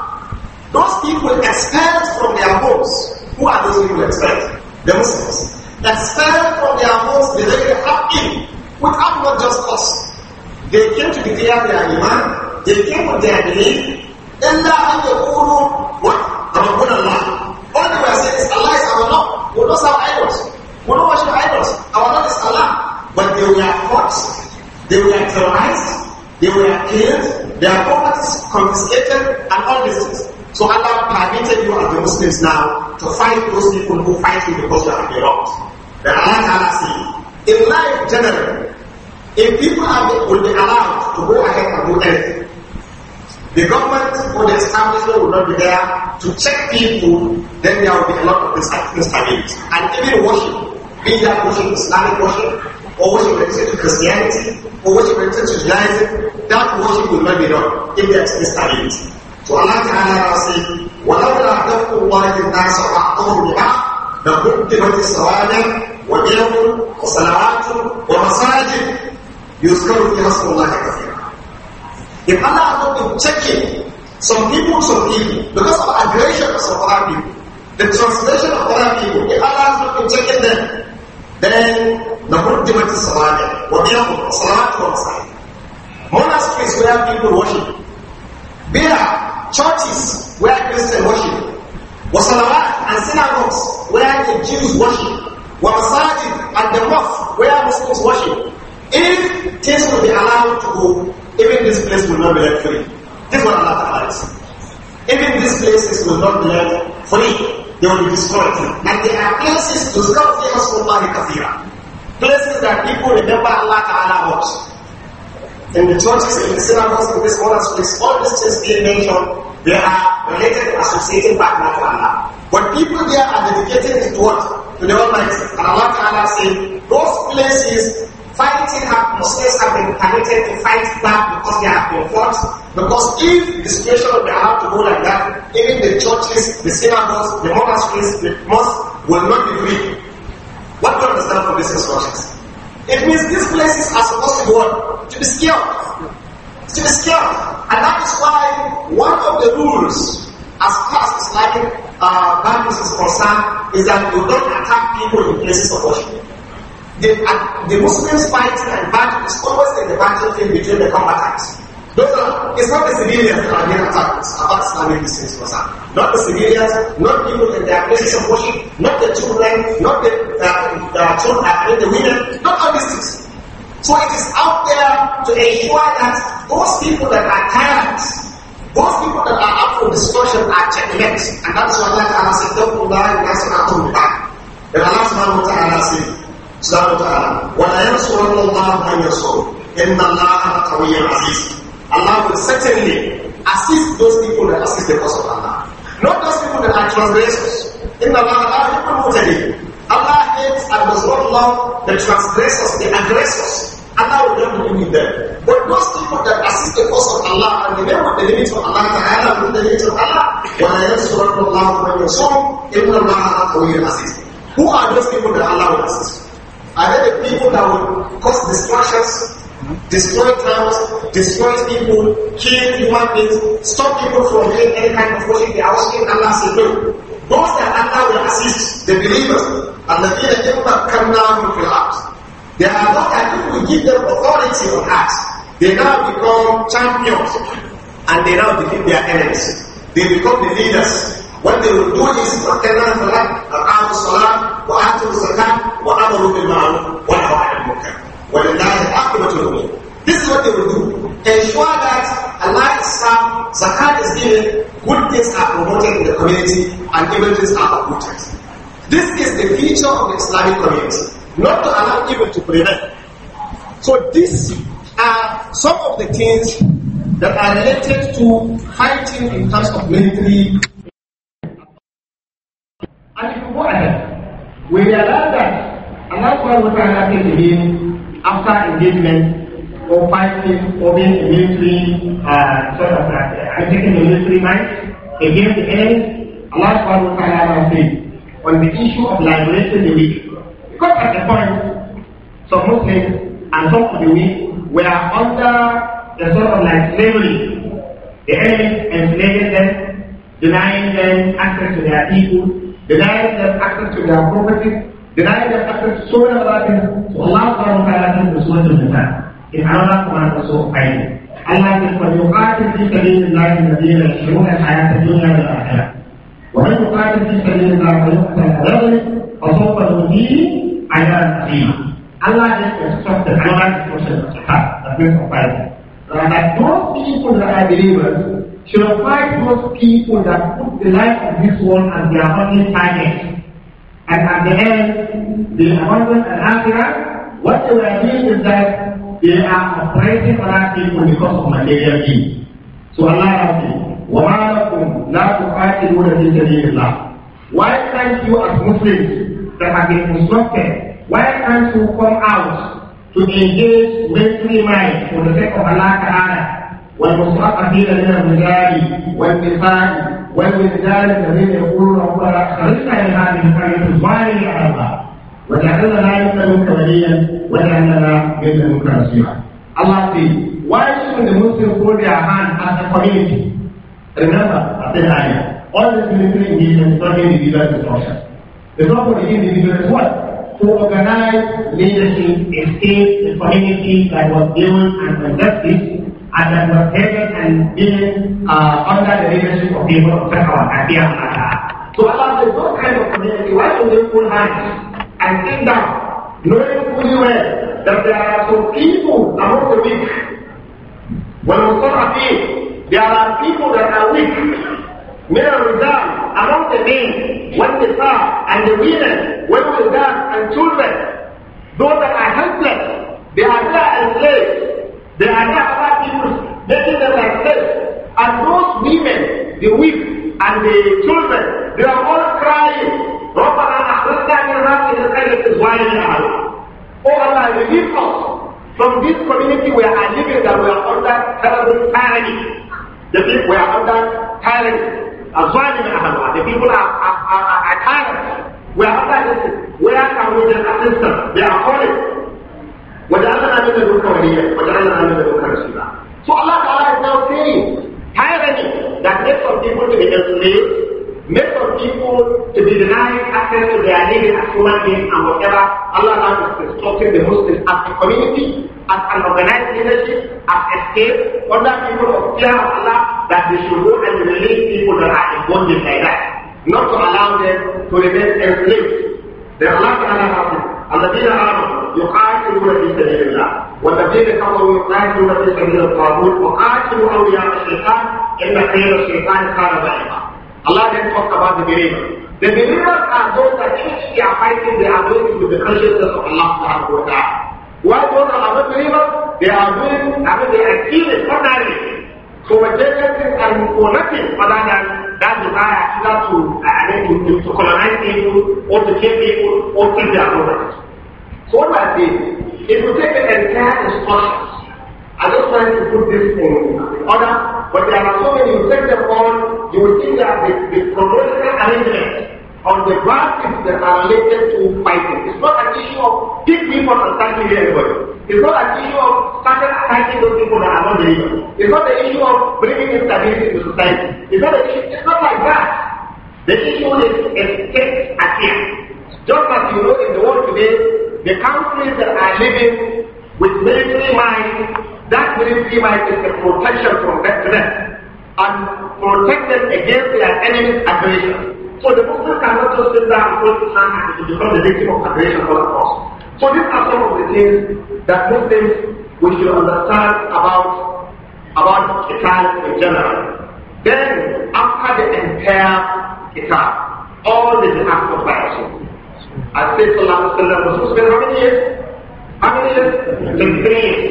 Those people expelled from their homes. Who are those people expelled? The Muslims. Expelled from their homes بغير حق without not just us. They came to declare their iman. They came with their belief. And أن يقولوا what? ربنا Allah. All they were saying is Allah is our Lord. We don't have idols. We don't worship idols. Our Lord is Allah. But they were forced. They were terrorized, they were killed, their properties confiscated, and all these things. So Allah permitted you as the Muslims now to fight those people who fight you because you are the robbed. Then Allah Ta'ala says, in life generally, if people are, will be allowed to go ahead and do anything, the government or the establishment will not be there to check people, then there will be a lot of instability. And even worship, be that worship, Islamic worship, or what you related to Christianity, or what you related to Judaism, that worship will not be done if there is instability. So Allah Ta'ala says, وَلَوْلَا دَفْءُ اللَّهِ النَّاسَ وَحَقَّهُ بِهَا لَقُدِّمَتِ الصَّوَادِعُ وَبِيَعٌ وَصَلَوَاتٌ وَمَسَاجِدُ يُذْكَرُ فِيهَا اسْمُ اللَّهِ كَثِيرًا If Allah has not been checking some people, some people, because of aggression of some other people, the translation of other people, if Allah has not been checking them, then نقدمت الصلاة وبيض صلاتهم صحيح Monasteries where people worship. are churches where Christians worship. Wasalawat and synagogues where the Jews worship. Wamasajid and the mosque where Muslims worship. If things will be allowed to go, even this place will not be left free. This is what Allah Ta'ala is. Even these places will not be left free. They will be destroyed. And there are places to scout famous Allah Kafira places that people remember Allah Ta'ala was. In the churches, in the synagogues, in this modern place, all these things being mentioned, they are related and associated back now to Allah. But people there are dedicated to what? To the Almighty. And Allah Ta'ala said, those places fighting have, Muslims have been permitted to fight back because they have been fought. Because if the situation would be to go like that, even the churches, the synagogues, the monasteries, the mosques will not be free. What God has done for these instructions. It means these places are supposed to be what? To be scared, To be scared. And that is why one of the rules as far as like uh, values is concerned is that you don't attack people in places of worship. The, uh, the Muslims fighting and battle is always in the battlefield between the combatants. Those are, it's not the civilians that are being attacked. It's about Islamic Muslims was Not the civilians, not people in their places of worship, not the children, not the, uh, the children, uh, the women, not all these things. So it is out there to ensure that those people that are tired, those people that are up for destruction are next. And that's why Allah Ta'ala said, don't lie, and that's not to back. Then Allah Subhanahu wa Ta'ala said, Subhanahu wa Ta'ala, وَلَا يَنْصُرَنَّ اللَّهُ مَنْ يَنْصُرُ إِنَّ اللَّهَ قَوِيٌّ عَزِيزٌ Allah will certainly assist those people that assist the cause of Allah. Not those people that are transgressors. In Allah, Allah hates and does not love the transgressors, the aggressors. Allah will not be with them. But those people that assist the cause of Allah and they never the limits of Allah Ta'ala with the limits of Allah, when I surrender Allah from your soul, even Allah will assist. Who are those people that Allah will assist? Are they the people that will cause distractions destroy towns, destroy people, kill human beings, stop people from doing any kind of worship. They are worshiping Allah says no. Those that Allah will assist, the believers, and the people that come down to the heart. They are not that if we give them authority on us. they now become champions and they now defeat their enemies. They become the leaders. What they will do is فَقَنَا فَلَا أَقَامُ الصَّلَاةِ وَآتُوا الزَّكَاةِ وَأَمَرُوا بِالْمَعْرُوفِ وَنَهَوْا عَنِ الْمُنكَرِ this is what they will do. Ensure that Allah is served, zakat is given, good things are promoted in the community, and evil things are uprooted. This is the feature of the Islamic community. Not to allow evil to prevail. So these are some of the things that are related to fighting in terms of military. And if you go ahead, we realize that Allah subhanahu wa ta'ala said to him, after engagement or fighting or being a military uh, sort of like, uh, I'm taking a military mind against the enemy, Allah subhanahu wa ta'ala will say on the issue of liberating the weak. Because at the point, some Muslims and some of the weak were under the sort of like slavery. The enemy enslaved them, denying them access to their people, denying them access to their property, Denied that happened so many other things. So Allah subhanahu wa ta'ala in Surah Al-Nisa. Allah subhanahu wa ta'ala ayah. Allah says, وَيُقَاتِلْ فِي سَبِيلِ اللَّهِ الَّذِينَ يَشْرُونَ الْحَيَاةَ الدُّنْيَا بِالْآخِرَةِ وَمَنْ يُقَاتِلْ فِي سَبِيلِ اللَّهِ فَيُقْتَلْ فَيَغْلِبْ فَسَوْفَ نُؤْتِيهِ أَجْرًا عَظِيمًا Allah is instructed, Allah is instructed to have the grace of fighting. That those people that are believers should fight those people that put the life of this world as their only target. And at the end, the abundant and Africa, what they were doing is that they are operating on people because of malaria disease. So Allah asked me, وَمَا لَكُمْ لَا تُقَاتِلُونَ فِي سَبِيلِ اللَّهِ Why can't you as Muslims that have been instructed, why can't you come out to engage military might for the sake of Allah Ta'ala والمصطفى في الرجال والنساء وللرجال الذين يقولون ربنا اخرجنا من هذه القريه الظالم العربه وجعلنا لا منك وليا وجعلنا من لدنك نصيرا. Allah why should the Muslim hold their hand as a community? Remember, I said earlier, all the military engagement is not individual instruction. The job of the individual is what? To organize leadership, a the community that was given and conducted and that was heaven and being uh, under the leadership of people of Taqwa and fear of So Allah said, what kind of community? Why should they pull hands and sit down, knowing fully well that there are some people among the weak. When we start at there are people that are weak. May resign among the men, what they far and the women, when the and children, those that are helpless, they are there enslaved. They attack other peoples, making them like slaves. And those women, the weak and the children, they are all crying. ربنا أخرجنا من Oh Allah, relieve us from this community we are living that we are under terrible tyranny. The people we are under tyranny. الظالم the people are, are, are, are tyrants. We are under this. Where can we get assistance? They are calling. وجعلنا لدنك وليا وجعلنا لدنك رسولا So Allah Ta'ala is now saying, tyranny that makes some people to be enslaved, makes some people to be denied access to their living as human beings and whatever, Allah Ta'ala is instructing the Muslims as a community, as an organized leadership, as a state, that people of fear of Allah, that they should go and release people that are in bondage like that, not to allow them to remain enslaved. Then Allah Ta'ala has said, الذين آمنوا يقاتلون في سبيل الله والذين كفروا يقاتلون في سبيل الطاغوت وقاتلوا اولياء الشيطان ان خير الشيطان كان ضعيفا الله didn't talk بعد بريمه The believers are those that actually are fighting the ability to be consciousness of Allah subhanahu wa ta'ala. While those are unbelievers, they are doing, I mean, they are killing ordinarily. So when they get things are for nothing other than that desire either to, uh, I mean, to, colonize people, or to kill people, or kill their did. It will take the entire instructions. I don't trying to put this thing in order, but there are so many you take them on, you will see that the, the chronological arrangement on the graphics that uh, are related to fighting. It's not an issue of big people attacking starting everybody. It's not an issue of starting attacking those people that are not believers. It's not the issue of bringing instability to society. It's not issue, it's not like that. The issue is escape state Just as you know in the world today, the countries that are living with military might, that military might is the protection from threat and protect them against their enemy's aggression. So the Muslims cannot just sit down and put his hand and become the victim of aggression all across. So these are some of the things that Muslims we should understand about about Qital in general. Then after the entire Qital, all the jihad of Asyik selalu selalu mensusun hamilnya. Hamilnya, increase.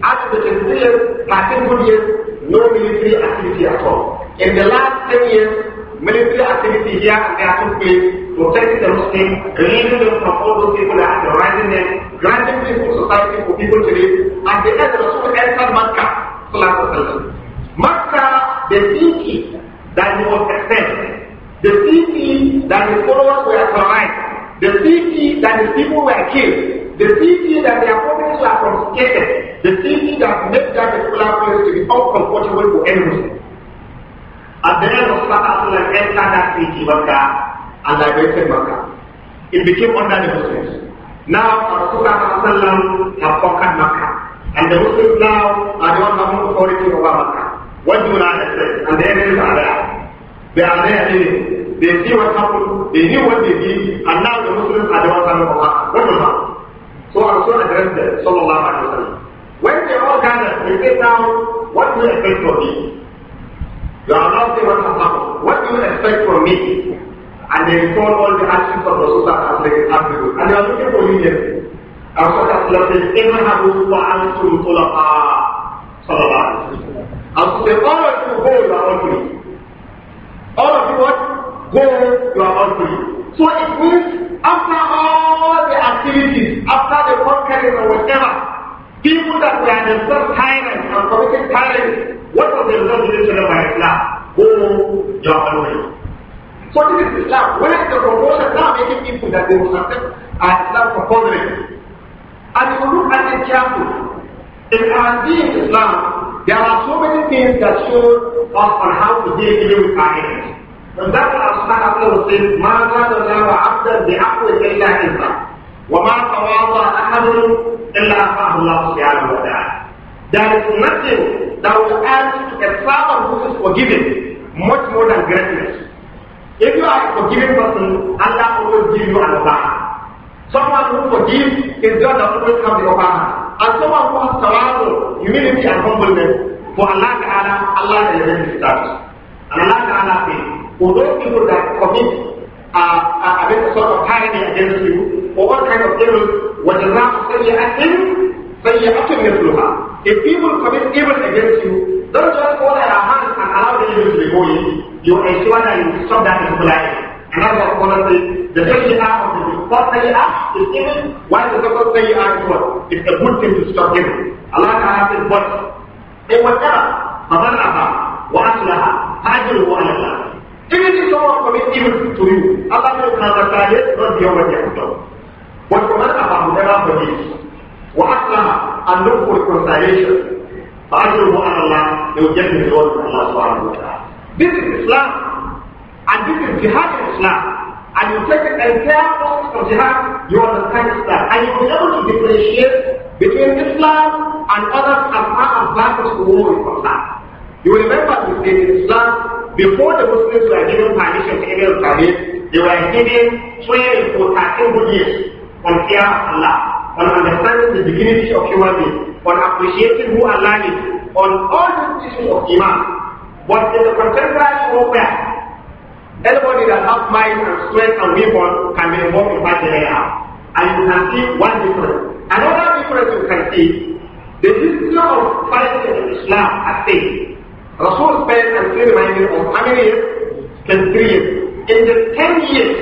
As the increase, passing good years, no military activity at all. In the last 10 years, military activity here and there took place, protecting the Muslim, relieving them from all those people that are rising them, granting peaceful society for people to live. At the end, Rasul entered Makkah, Salam Wasallam. Makkah, the city that he was extended, the city that his followers were surrounded, The 50 that the people were killed, the 50 that their properties were confiscated, the 50 that made that particular place to be uncomfortable for any Muslim. then the end of Salah entered that city, Makkah, and liberated Makkah. It became under the Muslims. Now, Rasulullah have conquered Makkah. And the Muslims now are the ones who have authority over Makkah. What do you understand? And the enemies are there. They are there living they see what happened, they knew what they did, and now the Muslims are the ones coming having Allah. What will happen? So I'm addressed them, sallallahu alayhi wa sallam. When they all gathered, they said now, what do you expect from me? You are not saying what has happened. What do you expect from me? And they recall all the actions of the Rasulullah as they have to do. And they are looking for leaders. And so that Allah says, Ibrahim wa antum tulaqa. Sallallahu alayhi wa sallam. And so they all of you go, you are all free. All of you what? Go your own way. So it means after all the activities, after the conquering or whatever, people that were in the first tyrants and committed tyrants, what was the result given to by Islam? Go, your own way. So this is Islam. Where is the proposal now making people that they will accept and Islam proposing? And if you look at the chapter in our deen Islam, there are so many things that show us on how to deal with our enemies. أصحاب الرسول ما زاد الله عبدا إلا وما تواضع أحد إلا الله سبحانه وتعالى There is nothing that will add to a servant who is forgiven much more than greatness. If you are a forgiving person, Allah will give you an upper Someone who forgives is God that always comes the upper And someone who has tawadu, humility and humbleness, for Allah Ta'ala, Allah will elevate his status. And Allah Ta'ala says, those people that commit uh, uh against sort of tyranny against you, or what kind of evil, what is not say say you you are evil, sayyatin, sayyatin mithluha. If people commit evil against you, don't just hold their hands and allow the evil to be going. You ensure that you stop that in life. And that's what Paul says, the sayyah of the first sayyah is evil, while the say you are what? It's a good thing to stop evil. Allah Ta'ala says, but, say whatever, فَمَنْ أَبَى وَأَصْلَهَا فَأَجْرُهُ عَلَى اللَّهِ Finishing someone commits evil to you. Allah says, Transactare, not the Yom Yakutam. But for man about never forgives. وأسلم and look for reconciliation. فأجره على الله they will get the reward from Allah subhanahu wa ta'ala. This is Islam. And this is jihad in Islam. And you take the entire process of jihad, you understand Islam. And you will be able to differentiate between Islam and others as far as battles to war is concerned. You remember in Islam, before the Muslims were given permission to enter the Khalid, they were given 12 to 13 good years on fear of Allah, on understanding the dignity of human beings, on appreciating who Allah is, on all the issues of Iman. But in the contemporary warfare, anybody that has mind and strength and weapon can be involved in fighting it And you can see one difference. Another difference you can see, the history of fighting in Islam has changed. Rasul spent, I'm still reminded of how many years? Just three years. In the ten years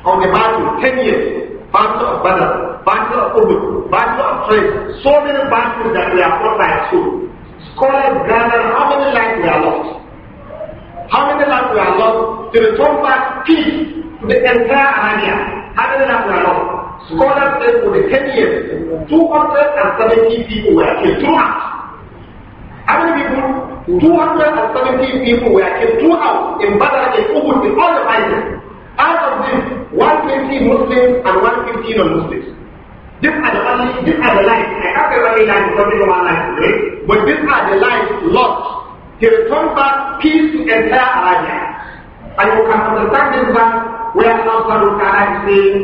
of the battle, ten years, battle of Badr, battle of Uhud, battle of Trade, so many battles that we are fought by two. Scholars gather how many lives we are lost. How many lives we are lost to return back peace to the entire Arabia. How many lives we are lost? Scholars say for the 10 years, 270 people were killed throughout. How many people 270 people were killed throughout in Badr, in Ubud, in all the islands. Out of this, 120 Muslims and 150 non-Muslims. These are the only, these are the lives. I have every life is only one life, today. But these are the lives lost. He returned back peace to entire Arabia. And you can understand this back where Allah Subhanahu is saying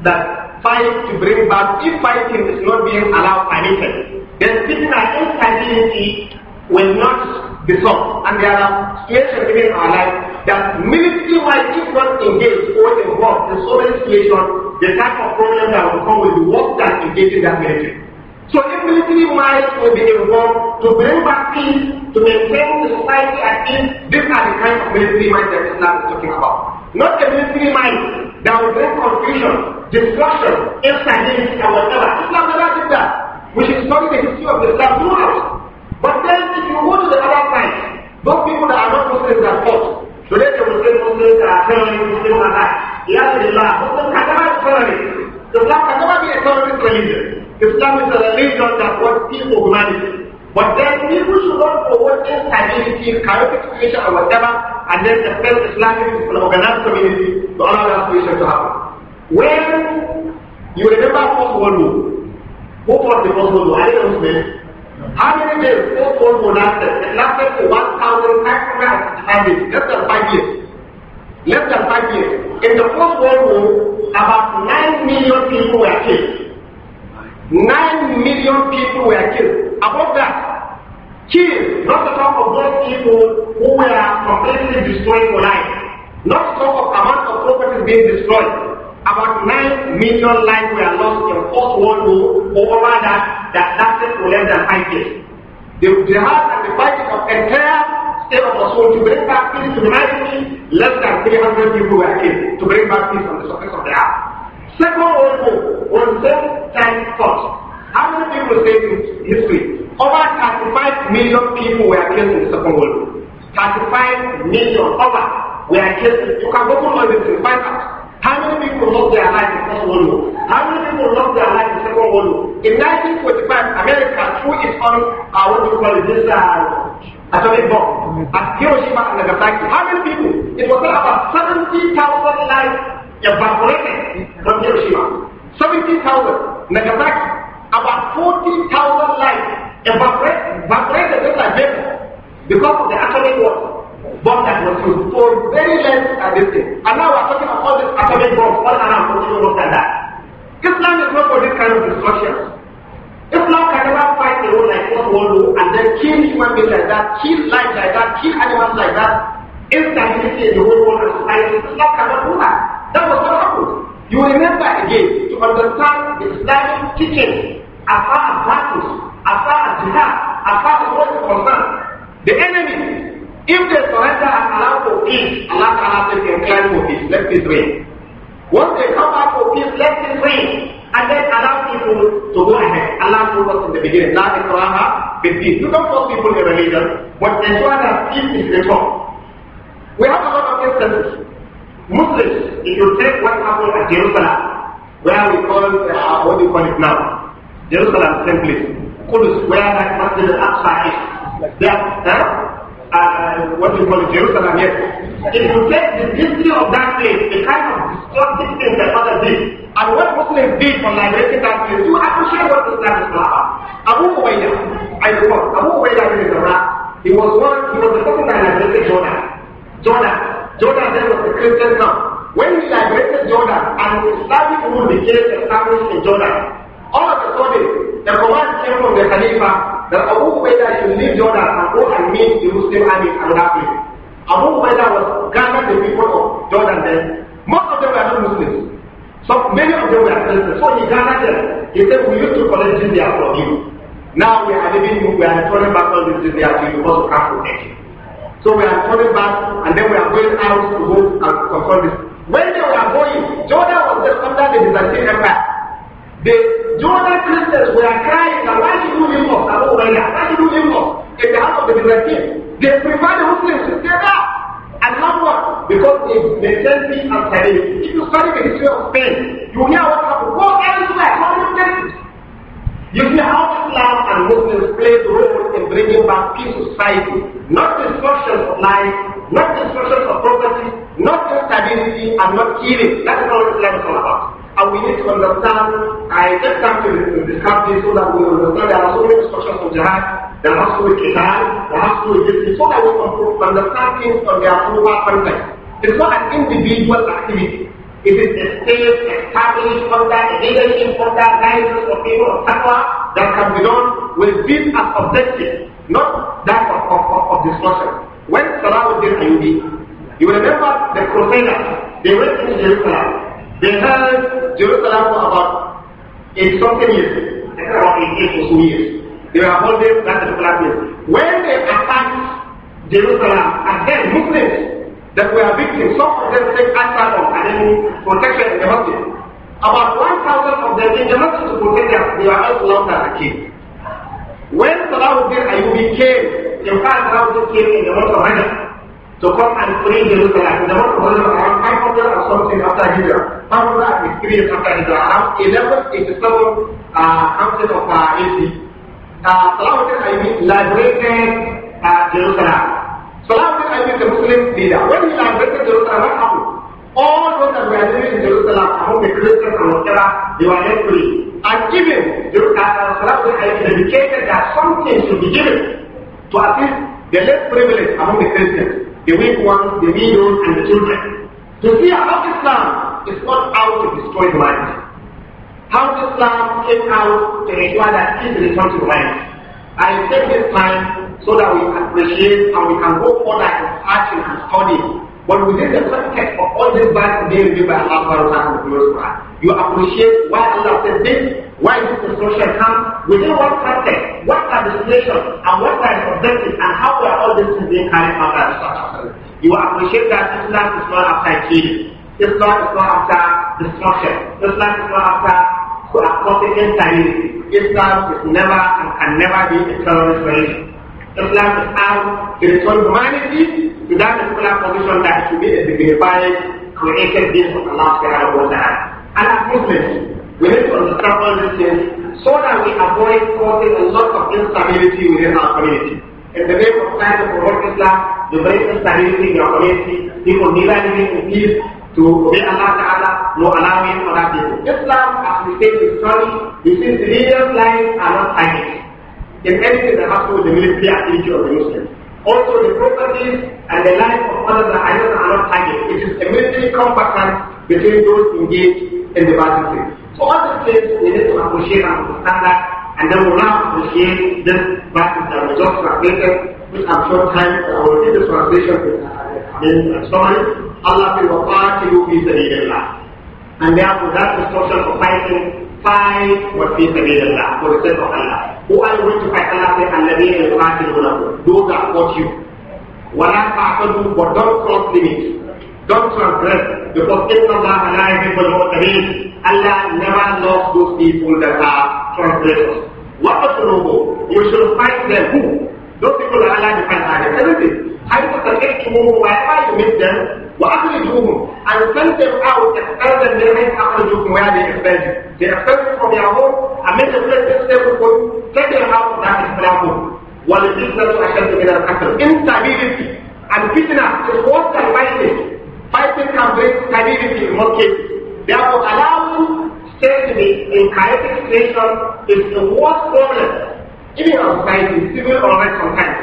that fight to bring back, if fighting is not being allowed permitted, then people are instability will not be solved. And there are situations within our life that military might keep not engaged or involved in so many situations, the type of problem that will come will be worse than engaging that military. So if military might will be involved to bring back peace, to maintain the society at peace, these are the kind of military might that Islam is talking about. Not a military might that will bring confusion, destruction, instability, and whatever. Islam never did that. We should study the history of Islam throughout. But then if you go to the other side, those people that are not Muslims are false. Today the Muslim Muslims are terrorists, Muslims are that. Yadillah, Muslims can never be terrorists. Islam can never be a terrorist religion. Islam is a religion that wants peace for humanity. But then people should not forward instability, chaotic situation or whatever, and then the first Islamic is an organized community to allow that situation to happen. When you remember First World War, who fought the First World War? Are you Muslim? How many days four phone will lasted? It lasted for 1,500 less than five years. Less than five years. In the first World War, about 9 million people were killed. 9 million people were killed. Above that, killed, not to talk of those people who were completely destroyed for life. Not to talk of amount of property being destroyed. About 9 million lives were lost in First World War over that, that lasted for less than 5 years. The jihad and the fighting of entire state of Oswald to bring back peace to humanity, less than 300 people were killed to bring back peace on the surface of the earth. Second World War was the same time first. How many people say in history? Over 35 million people were killed in the Second World War. 35 million over were killed. You can go on this and find out. How many people lost their life in first world war? How many people lost their life in second world war? In 1945, America threw its own, uh, what do you call it, this uh, atomic bomb at Hiroshima and Nagasaki. How many people? It was about 70,000 lives evaporated from Hiroshima. 70,000. Nagasaki, about 40,000 lives evaporated, evaporated just like vapor because of the atomic war bombs that were thrown for very less uh, this thing. And now we're talking about all these atomic bombs all around for people look at that. Islam is not for this kind of discussion. Islam can never fight a war like one world war and then kill human beings like that, kill life like that, kill animals like that, instability in the whole world and society. Islam cannot do that. That was what happened. You remember again to understand the Islamic teaching as far as battles, as far as jihad, as far as what is concerned. The enemy if the surrender has allowed for peace, Allah Ta'ala says incline for peace, let this reign. Once they come out for peace, let this reign. And then allow people to go ahead. Allah told us in the beginning, La ikraha with peace. You don't force people in religion, but ensure that peace is restored. We have a lot of instances. Muslims, if you take what happened at Jerusalem, where we call, uh, what do you call it now? Jerusalem, same place. where that Masjid al-Aqsa is. There, huh? Uh, what do you call it, Jerusalem, yes. If you take the history of that place, the kind of destructive things that others did, and what Muslims did from liberating that place, you appreciate what the Islam is about. Abu Uwaidah, I recall, Abu Uwaidah in a rat. He was one, he was the person that visited Jordan. Jordan. Jordan then was the Christian Now, When he liberated Jordan and the Islamic rule became established in Jordan, all of a sudden, the command came from the Khalifa that Abu Ubaidah should leave Jordan and go and meet Jerusalem army and that place. Abu Ubaidah was gathering the people of Jordan then. Most of them were not Muslims. So many of them were Christians. So he gathered them. He said, we used to collect jizya from you. Now we are leaving you, we are turning back all this jizya to you because of our protection. So we are turning back and then we are going out to go and confront this. When they were going, Jordan was just under the Byzantine Empire. The Jordan Christians were crying why did you move? us? Abu why did you leave us? In the house of the Byzantines. They prefer the Muslims to stay there. And not what? Because they, they sent me and Salim. If you study the history of Spain, you hear what happened. Go elsewhere, how many places? You see how Islam and Muslims played the role in bringing back peace to society. Not destruction of life, not destruction of property, not instability, and not killing. That is not what Islam is all about and we need to understand, I just have to, to discuss this so that we understand there are so many instructions of jihad, there are so many kitab, there are so many. this, so that we can understand things on their proper context. It's not an individual activity. It is a state established under a leadership under guidance of people of Taqwa that can be done with this as objective, not that of, of, of, of destruction. When Salahuddin Ayubi, you remember the Crusaders, they went to Jerusalem they held Jerusalem for about 80 something years, or years. They were holding that When they attacked Jerusalem, again, Muslims that were victims, some of them take asylum and then protection in the mosque. About 1,000 of them in the mosque to protect them, they are as long as a kid. When Salahuddin Ayubi came, in fact, Salahuddin came in the month of so come and pray in Jerusalem. Never hold around 500 or something after Hijrah. 500 is three years after Around Muslim leader. When liberated Jerusalem, what happened?
All those living in Jerusalem among the Christians and they were
indicated that something should be given to the less privileged among the Christians the weak ones, the widows, and the children. To see how Islam is not out to destroy humanity. How Islam came out to ensure that peace returns to humanity. I take this time so that we can appreciate and we can go further in action and study. But within the context of all this verse being reviewed by Allah Subhanahu wa the you appreciate why Allah said this, why this instruction comes, within what context, what are the situations, and what are the objectives, and how are all these things being carried out you appreciate that Islam is not after killing. Islam is not after destruction. Islam is not after to accomplish instability. Islam is never and can never be a terrorist religion. Islam is out to return humanity to that particular position that should be a dignified, created being of Allah subhanahu wa ta'ala. And as Muslims, we need to understand all these things so that we avoid causing a lot of instability within our community. In the name of trying to promote Islam, you bring instability in your community, people neither living in peace to obey Allah Ta'ala, nor allowing other people. Islam, as we say in story, we see religious lives are not hiding. In anything that has to do with the military activity of the Muslims. Also, the properties and the life of others are not hiding. It is a military combatant between those engaged in the battlefield. So all these things we need to appreciate and understand that and then we'll now associate this back to the results translated, which I'm sure time I will read the translation with uh, story. Allah will refer to you fi sabilillah. And therefore that instruction for fighting, fight what fi sabilillah, for the sake of Allah. Who are you going to fight Allah And the say, الَّذِينَ يُقَاتِلُونَكُمْ Those are what you. What وَلَا تَعْتَدُوا But don't cross limits. Don't transgress because إِنَّ اللَّهَ people يَحِبُّ الْمُعْتَدِينَ Allah never loves those people that are transgressors. What the Sunubu? You should find them. Who? Those people find Allah defines are everything. move wherever you meet them, I And send them out, expel them their men أَخْرِجُوهُم where they expel you. They expel you from your home and make them place stable for you. Send them out of that expel to أَشَدُ مِنَ الْأَكْلِ Instability and fitna is worse than fighting. Fighting can bring stability in most cases. Therefore, allowing safety to be in chaotic situation is the worst problem. Even our society, civil unrest sometimes.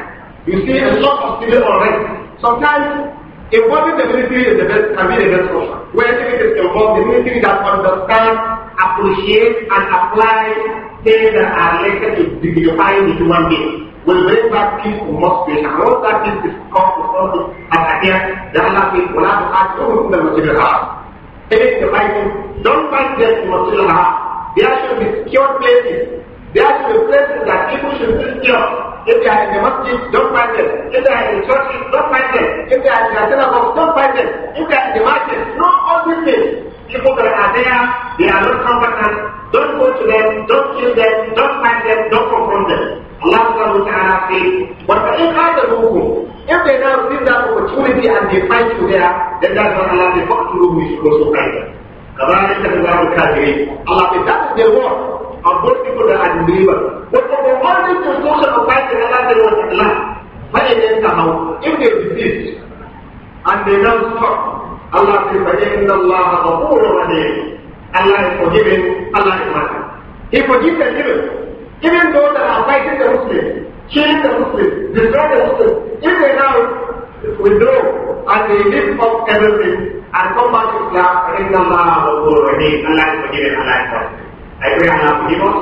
You see a lot of civil unrest. Sometimes Involving the military is the best, can be the best option. When it is involved, the military that understands, appreciates, and applies things that are related to dignifying the human being will bring back peace to most And all that peace is come to us at the end, the Allah says, وَلَا تُعَدْتُمُ إِلَّا مَسْجِدِ It is the Bible. Don't find them to Masjid al There should be secure places. There should be places that people should feel secure. If they are in the masjid, don't find them. If they are in the church, don't find them. If they are in the synagogue, don't find them. If they are in the market, no, all these things. People that are there, they are not competent. Don't go to them, don't kill them, don't find them, don't confront them. Allah subhanahu wa ta'ala says, وَالَّذِينَ منكم If they now see that opportunity and they fight you there, then that's what Allah says, فَقْتُلُوهُ You should also fight them. كَذَلِكَ جَزَاءُ الْكَافِرِينَ Allah says, that is the reward of those people that are unbelievers. But for the one thing to social society, Allah says, وَالَّذِينَ فَإِذَا انْتَهَوْا If they desist and they now stop, Allah says, فَإِنَّ اللَّهَ غَفُورٌ رَحِيمٌ Allah is forgiving, Allah is merciful. He forgives and gives. Even those that are fighting the Muslim, killing the Muslim, destroying the Muslim, if they now withdraw and they give up everything and come back to Islam, I think Allah will forgive Allah is forgiving, Allah is forgiving. I pray Allah forgive us.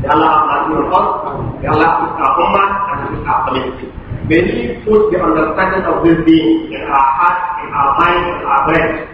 May Allah have mercy on us. May Allah assist our Ummah and assist our community. May He put the understanding of this being in our heart, in our mind, in our brain.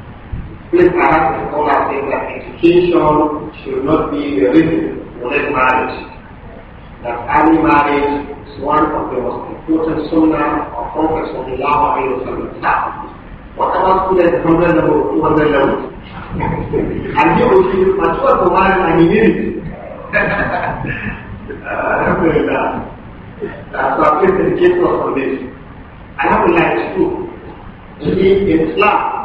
This ask and all our things like education should not be the reason for that marriage. That early marriage is one of the most important sunnah or focus on the law of Islam. What about students 100 level, 200 level? and he will feel mature for marriage and he needs
Alhamdulillah.
Uh, so I have a us on this. Alhamdulillah, it's true. In Islam,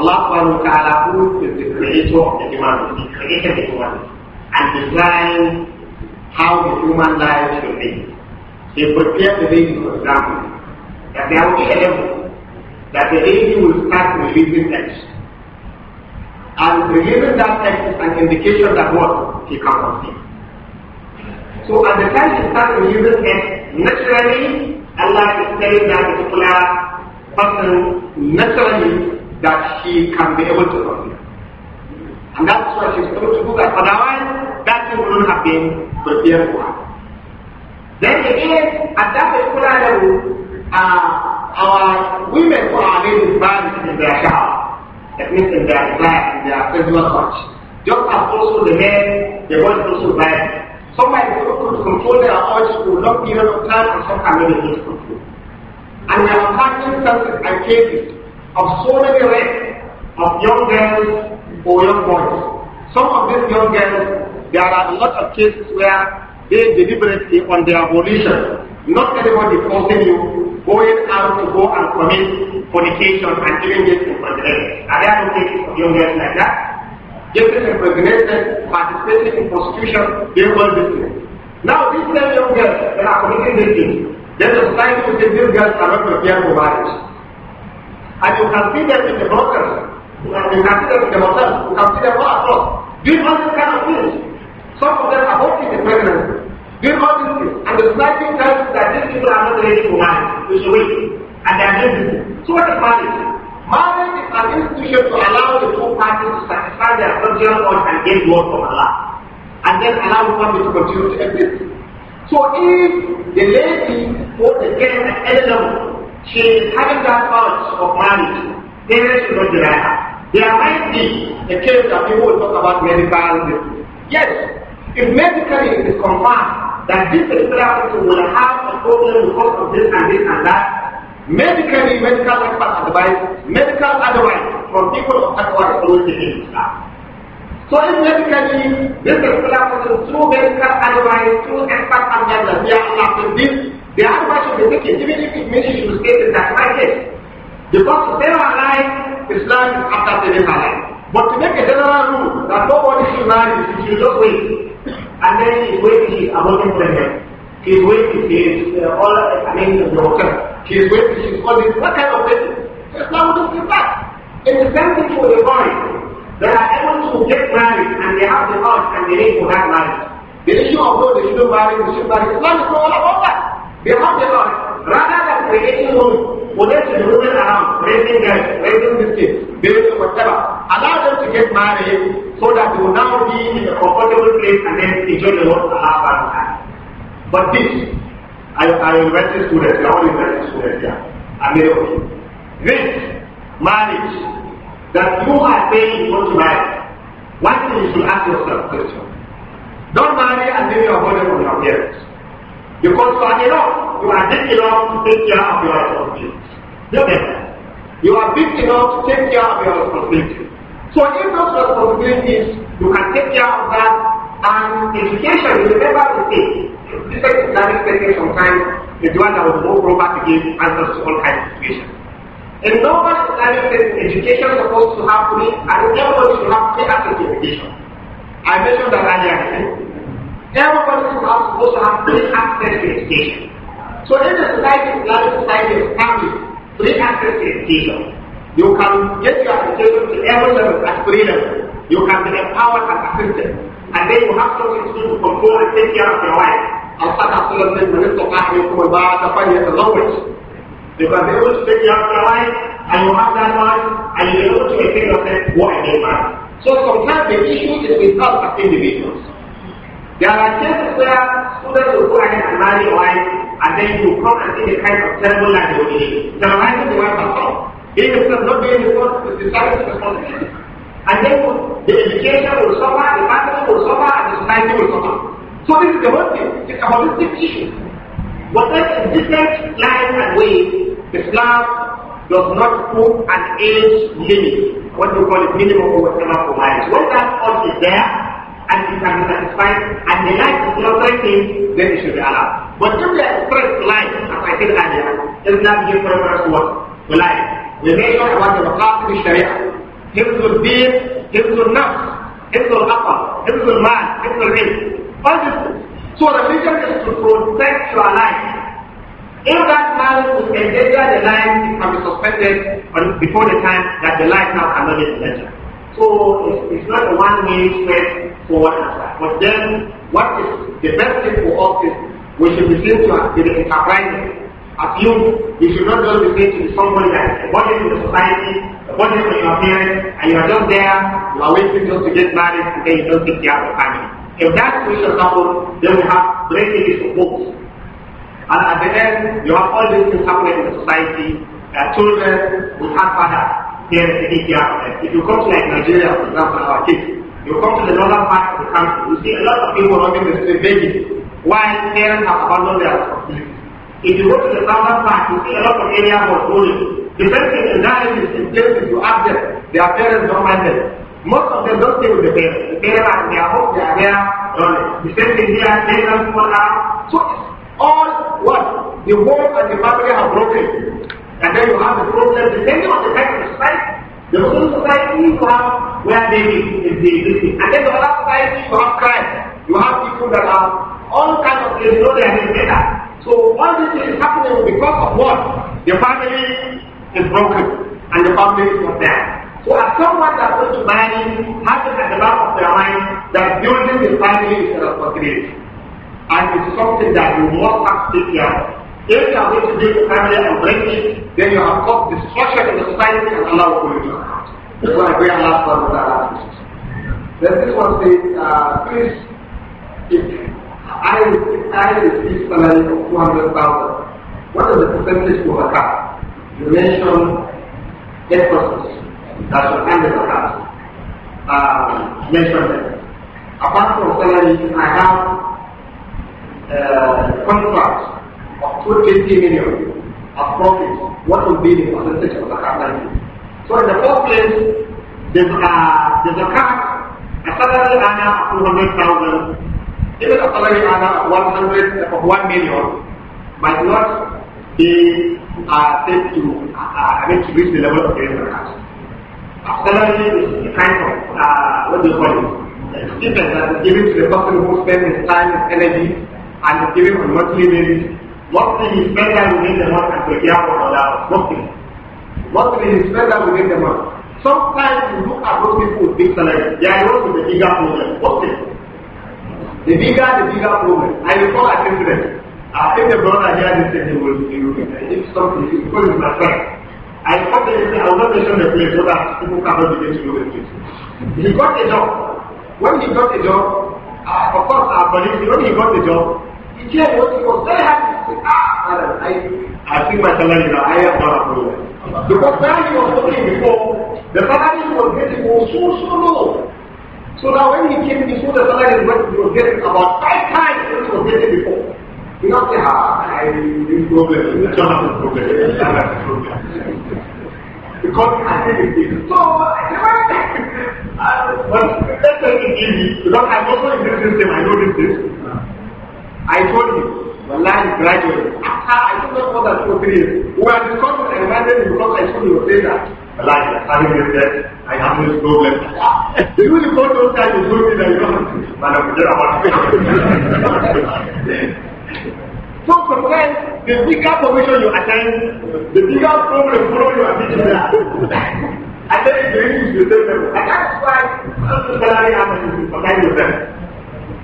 Allah subhanahu wa ta'ala, who is the creator of the human, he of the human and designed how the human life should be. He prepared the baby, for example, that there will be a that the baby will start releasing eggs. And releasing that text is an indication that what? He can conceive. So at the time he starts releasing eggs, naturally, Allah is telling that particular person naturally that she can be able to here. And that's why she's going to do that. Otherwise, that thing will not have been prepared for her. Then again, at that particular level, uh, our women who are really advanced in their shower, that means in their glass, in their physical touch, just as also the men, they want to survive. Some might be able to control their urge for not long period of time, and some can be able to control. And there are practical senses and cases of so many rapes of young girls or young boys. Some of these young girls, there are a lot of cases where they deliberately on their volition, not anybody forcing you, going out to go and commit fornication and even get impregnated. Are there no cases of young girls like that? Getting impregnated, participating in prostitution, they were victims. Now these same young girls that are committing these things, then the society will say these girls are not prepared for marriage. And you can see them in the mountains. You can see them in the mountains. You can see them all across. Doing all these kind of things. Some of them are hoping in pregnancy. Doing all these things. And the sniping tells that these people are not ready to marry. We should wait. And they are doing this. So what is marriage? Marriage is an institution to allow the two parties to satisfy their sexual urge and gain more from Allah. And then allow the family to continue to exist. So if the lady or again girl at any level she is having that urge of marriage, parents will not deny her. There might be a case that people will talk about medical Yes, if medically it is confirmed that this particular person will have a problem because of this and this and that, medically, medical expert advice, medical advice from people of Taqwa is always taken in So if medically, this particular person through medical advice, through expert advice, that yeah, Allah did this, they are much of the wicked, even if it means you should stay in that market. Because they are alive, Islam is after saving her life. But to make a general rule that nobody should marry, she should just wait. And then she's waiting, she's avoiding pregnant. She's waiting, she's uh, all, I mean, the hotel. She's waiting, she's all this. What kind of waiting? Islam will do that. In the same thing for the boy. There are elements who get married and they have the heart and they need to have marriage. The issue of those they shouldn't marry, who should marry. Islam is all about that. They want a lot. Rather than creating homes, connecting women around, raising girls, raising the kids, babies, whatever, allow them to get married so that they will now be in a comfortable place and then enjoy the Lord half and half. But this, I, I invited students, I only invited students here, yeah. I made mean, okay. This marriage that you are paying for want to marry, one thing you should ask yourself question. Don't marry and then you avoid it from your parents. You go to an enough. You are big enough to take care of your responsibility. Look at that. You are big enough to take care of your responsibility. So if those responsibilities, you can take care of that. And education, remember the thing. This is Islamic thinking sometimes the one that was more robust to give answers to all kinds of situations. In normal Islamic thinking, education is supposed to have three, and everybody should have three aspects of education. I mentioned that earlier. Never person are supposed to have free access to education. So in the society, Islamic society is family, free access to education. You can get your education to every level at free level. You can be empowered as a Christian. And then you have something to do to control and take care of your life. Outside of the minister of Allah, you come about the five years of You can be able to take care of your life, and you have that knowledge, and you're able to maintain yourself what I mean by So sometimes the issue is with us as individuals. There are cases where students will go ahead and marry a wife, and then you come and see the kind of terrible life they will live. They are writing the wife at all. Being themselves not being responsible, And then the education will suffer, the family will suffer, and the society will suffer. So this is the whole thing. It's a holistic issue. Whatever in different lines and ways, Islam does not put an age limit, what we call a minimum or whatever for marriage. When that all is there, and it can be satisfied and the life is not threatening, then it should be allowed. But if the express life, as I said earlier, is not give preference to what? To life. We measure what the Maqasid Sharia, Hibs will be, Hibs will not, Hibs will upper, Hibs will man, Hibs will race. All this. So the vision is to protect your life. If that man who endanger the life, can be suspended on, before the time that the life now cannot be endangered. So it's, it's not a one-way street for one another. But then, what is the best thing for us is we should be seen to be the enterprising. As you, you should not just be seen to be somebody that is a burden in the society, a burden on your parents, and you are just there, you are waiting just to get married, and then you don't take care of the family. If that situation happens, then we have breaking of books. And at the end, you have all these things happening in the society, uh, children without father, parents taking care of them. If you come to like Nigeria, for example, our kids, you come to the northern part of the country, you see a lot of people running the street begging, while parents have abandoned their responsibility. If you go to the southern part, you see a lot of areas for schooling. The first thing in that is in places you ask them, their parents don't mind them. Most of them don't stay with the parents. The parents are in their home, they are there running. The same thing here, they are people are. So all what? The home and the family have broken. And then you have the problem depending on the type of society. The Muslim society you have where they is the existing. And then the other society you have crime. You have people that are all kinds of things, you know they are in better. So all this is happening because of what? The family is broken and the family is not there. So as someone that's going to marry, having at the back of their mind that building the family is a responsibility. And it's something that you must have to take care of. If you are going to build a family and break it, then you have caused destruction in the society and Allah will pull you out. That's what I pray Allah for the Allah. Then this one says, uh, please, if I, if I receive salary of 200,000, what is the percentage to zakat? You mentioned 10% that should end the zakat. Uh, mention that. Apart from salary, I have uh, contracts of 220 million of profit, what would be the percentage of zakat like? So in the first place, there's, uh, a zakat, a salary earner of 200,000, even a salary earner of 100, of 1 million, might not be uh, said to, uh, uh I mean, to reach the level of giving zakat. A salary is a kind of, uh, what do you call it? Stipend that is given to the person who spends his time, his energy, and is given on monthly basis Muslim is better make the money and to prepare for another Muslim. Muslim is better make the money. Sometimes you look at those people with big salaries, they are those with the bigger problem. Muslim. The bigger, the bigger problem. I recall a incident. Uh, if the brother here this said he will, he will, if something, he will be my friend. I thought that I will not mention the place so that people cannot begin to know the place. He got a job. When he got a job, uh, of course, our colleagues, when he got the job, Iṣẹ́ ìwé ti kọ̀ sẹ́yìn àti ìpè Because salary was okay before, the salary was getting was so so low. So now when he came he saw the salary was, was getting about five times what he was getting before. He now say, ah, I problem, not have a problem, this (laughs) have a problem. Because I didn't think. So, I never, (laughs) but let's say easy, because I'm also in this system, I know this system. I told you, Wallahi gradually. After I took know for that two, three years, we were discussing and reminded because I told you saying that. Wallahi, having a debt, I have no problem. (laughs) you will go to time you told me that you don't have to about it. (laughs) So sometimes the bigger position you attain, the bigger problem you are meeting there. And then you to them. And that's why salary am is sympathize with them.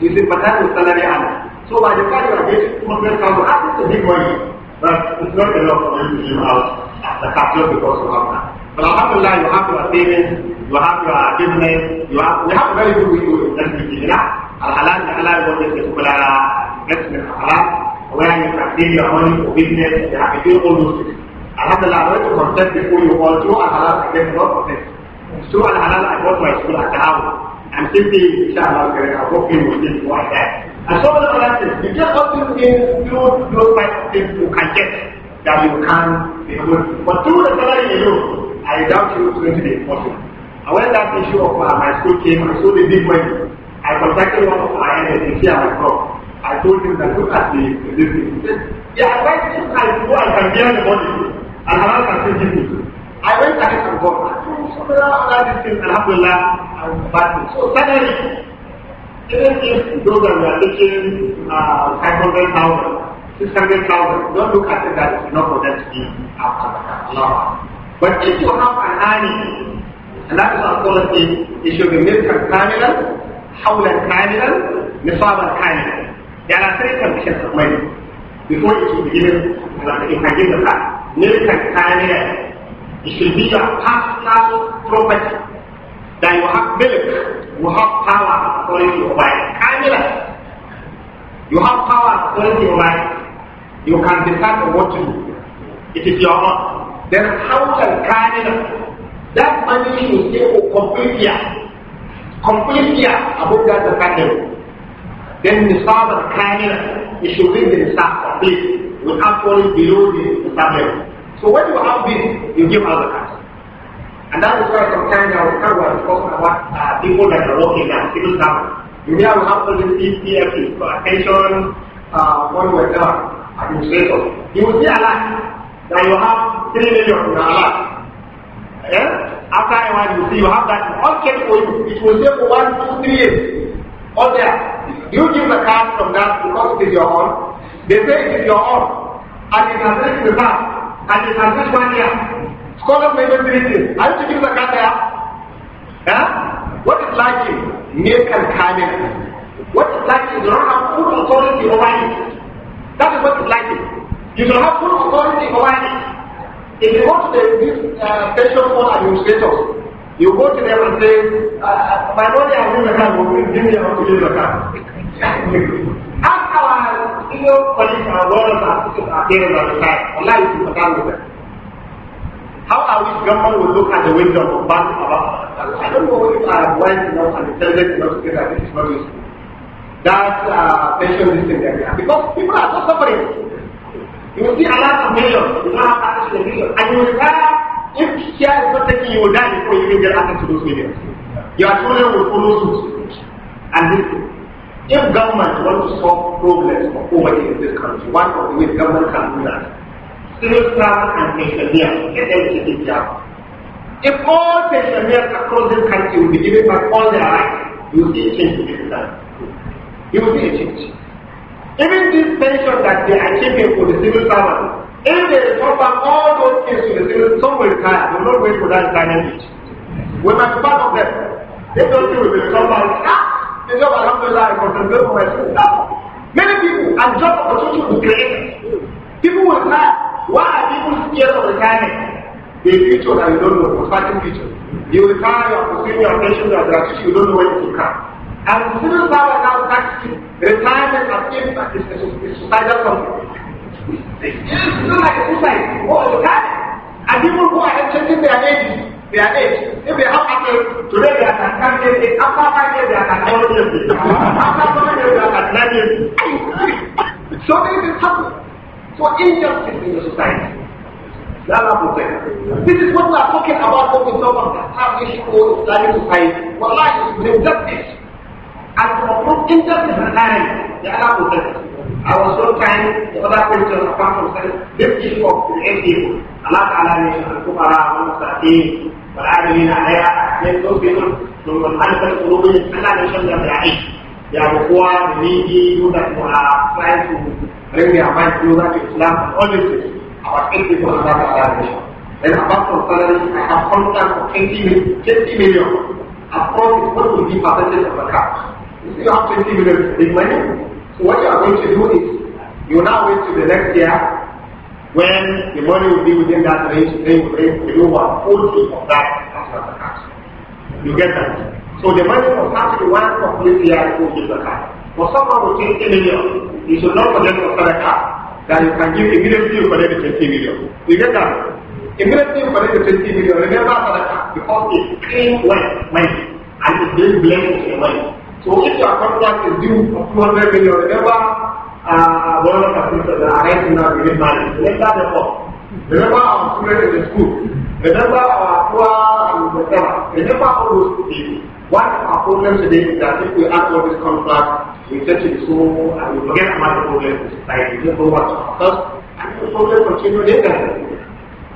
You sympathize with salary analysis. So by the time you are getting to Muslim council, that's a big money. But it's not enough for you to live out the capital because you have that. But Alhamdulillah, you have your savings, you have your business, you have, we have very good people in Muslim Al-Halal, Al-Halal, what is it, investment Al-Halal, where you can save your money for business, you have to do all those things. Alhamdulillah, I want to consent before you all, through Al-Halal, I get a lot of this. Through Al-Halal, I bought my school at the house. I'm still paying, inshallah, I'm working with this for that. And some the other things. You just have to do those five things you can get that you can be good. But through the salary alone, I doubt you it's going to be possible. And when that issue of uh, my school came, I saw the big money. I contacted one of my enemies here myself. I told him that look at the this He said,
yeah, I went to I go, and can hear the
money. And Allah can still give me. I went ahead and got so, so, all these things, have to learn and uh, back. So suddenly, Even if those are reaching uh, 500,000, 600,000, don't look at it that it's not for them to be after that. But if you have an army, and that our policy, it should be milkan kamilan, hawlan kamilan, nisaban kamilan. There are three conditions of money before it should be given, it can give the fact. Milkan kamilan, it should be your personal property. Then you have milk, you have power according to your life. Camila, you have power according to your life. You can decide what to do. It is your own. Then how can Camila, that money you say, oh, complete here, complete about that the family. Then the of Camila, you should be the Nisab complete without falling below the family. So when you have this, you give other the and that is why sometimes I will come and talk about uh, people that are working at civil servants. You may have absolute PPFs, so attention, uh, what we call administrator. You will see a lot that you have 3 million in a lot. Yeah? After a while you see you have that all kept for you. It will stay for one, two, three years. All there. You give the card from that because it is your own. They say it is your own. And it has reached the past. And it has reached one year. Scholars may not read this. Are you taking the card there? Yeah? What is like it? Make and kindness. What is like it? You don't have full authority over it. That is what is like it. You don't have full authority over it. If you go to the, this uh, pension fund administrators, you go to them and say, uh, uh my money has been account, give me how to use card." Ask our senior colleagues, our lawyers, our teachers, our parents, our society, online to account with them. How are we government will look at the window of bank Allah? I don't know if I have went enough and intelligent enough to get that it's not useful. That uh, pension system that we have. Because people are so suffering. You will see a lot of millions, you don't have access to the millions. And you will have, if care is not taking, you will die before you even get access to those millions. Your children will follow suit. And this If government wants to solve problems of poverty in this country, one of the ways government can do that spiritual and missionary. to the If all country will be given back all their rights, you will see change in You will see change. Even this pension that they are achieving for the civil servant, if they recover all those things to the civil, somewhere will retire. They will not wait for that retirement age. We must part of them. They don't think we will recover. Ah, the job alhamdulillah, I contemplate for No, Many people, and job opportunity to create. People will try. Why people fear of retirement? The future that you don't know, exciting future. You will retire, you are pursuing your pension, you are you don't know when it will come. And civil power now practicing retirement as if it's a societal something. It's not like a suicide like a retirement. And people who are changing their ages, their age, if they have access, today they are at 10 years, after 5 years they are at 11 years, after 7 years they are at 9 years. so many things happen. for injustice in the society. This is what we are talking about when we talk about establishing all Islamic society. Wallahi, it's been justice. And to approve injustice and harm, the Allah protect us. I was so kind, the other question apart from this issue of the MDO. Allah Ta'ala mentioned al the Al-Mustaqim, والعاملين عليها من تنفقوا ثم الف قلوبهم الا من شر بعيد يعني هو بيجي يوضع مع فاهم bring their mind closer to Islam and all these things. I was thinking for that organization. Then apart from salary, I have contract for 20, 20 million. Of course, it's going to be percentage of the cash. You still have 20 million big money. So what you are going to do is, you now wait to the next year, when the money will be within that range, they will bring to you one forty of that as the cash. You get that? So the money was to one of this year, it will give the cash. Wasabra with 20 million. You should not forget to sell a car that you can give immediately you collect the 20 million. You get that? Immediately you collect the 20 million, because it came when, when, and it's being blessed with your money. So if your contract is due for 200 million, remember uh, one of the people that are right now within marriage, remember the law. Remember our students in the school, Remember our poor and whatever. Remember all those people. What our problem today is that if we add all these contracts, we get to the school and we forget about the problem in society. We don't know what to ourselves and the problem continues indefinitely.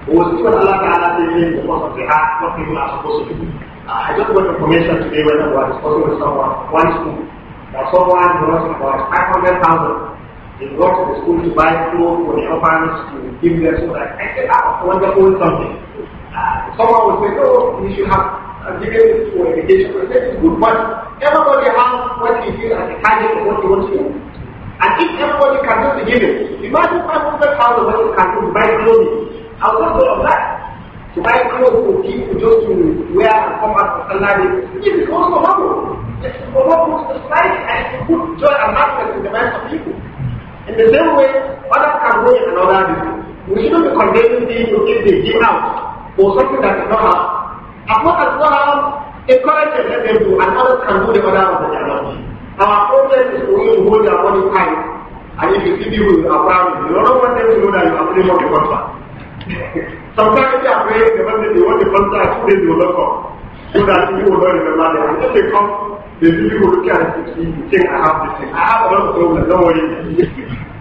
We will see what Allah Ta'ala says in the course of the heart, what people are supposed to do. Uh, I just want information today whether we are discussing with someone, one school, that someone wants about 500,000 they go to the school to buy clothes for the orphans to give them so that I said, ah, wonderful something someone will say, no, you should have uh, given it to education. I it's good, but everybody has what he feels as a target of what he wants to do. And if everybody can do the giving, imagine 500,000 people can do buy clothing. I'll not go of that. To buy clothes for people just to wear and come out for salary, it is also harmful. It's harmful to society and to put joy and happiness in the minds of people. In the same way, others can go in another business. We shouldn't be condemning people if they give out. or something that is not haram. As much as not haram, encourages them to do, and others can do the other one that they are not doing. Our problem is only who they are money tight, and if you see people with our problem, you don't want them to know that you are putting on the contract. Sometimes they are praying, they want, they want the contract, two days they will not come. So that people will not remember them. And if they come, the people will look at it and see, think, I have this thing. I have a lot of problems, don't worry.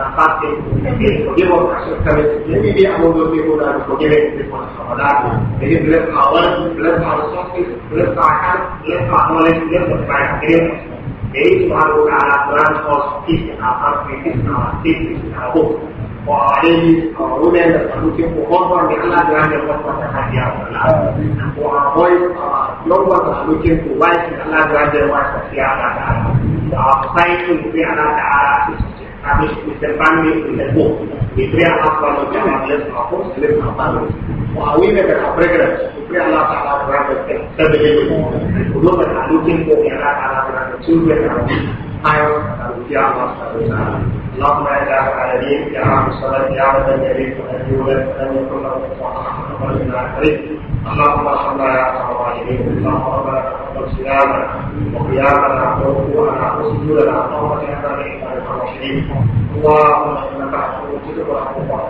da parte podemos perfectamente quindi abbiamo due tribunali ovviamente con salvadarlo quindi dobbiamo lavorare dobbiamo fare software dobbiamo fare dobbiamo fare knowledge dobbiamo fare agreement jadi Tuhan berkata Quran positif dan apa kritis dan aktif dan aku Wah ada di rumah dan solusi pokok dan Allah Quran yang pokok dan hadiah Allah Wah boy yang buat solusi pokok dan Allah Quran yang pokok dan hadiah Allah Wah saya itu lebih Allah Taala habis intercambio en el book. يبرع أفضل من الناس أقول سلم أفضل وأوينا بالأبريجرس يبرع الله تعالى برانك تبدل القلوب الحلوكين فوق يلا تعالى برانك سلم خير يا الله سبحانه وتعالى اللهم يا إله العالمين يا رب الصلاة يا رب الجليل والذي ولد ولم يكن له كفوا أحد ولم يكن له شريك صل على أرحم الراحمين اللهم ربنا والسلام وقيامنا وركوعنا وسجودنا اللهم اجعلنا من عبادك الرحيم اللهم انك عفو تغفر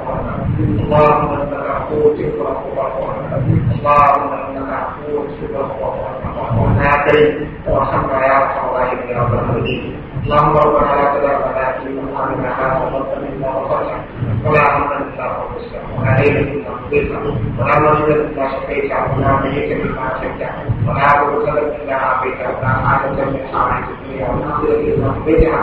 اللهم انك عفو تغفر اللهم انك عفو تحب ونافع وارحم يا ارحم الراحمين يا رب العالمين اللهم ربنا لا تدع لنا في مقامنا وتقبل منا وفرحا ولا حمدا الا وفرحا ولا دينا الا قضيته ولا مريضا الا شفيته ولا ميتا الا عافيته ولا مرسلا الا عافيته ولا حاجه من حوائج الدنيا والاخره الا قضيتها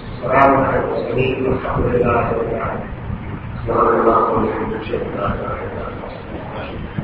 السلام على المرسلين والحمد لله رب العالمين سبحان الله وبحمده اشهد ان لا اله الا الله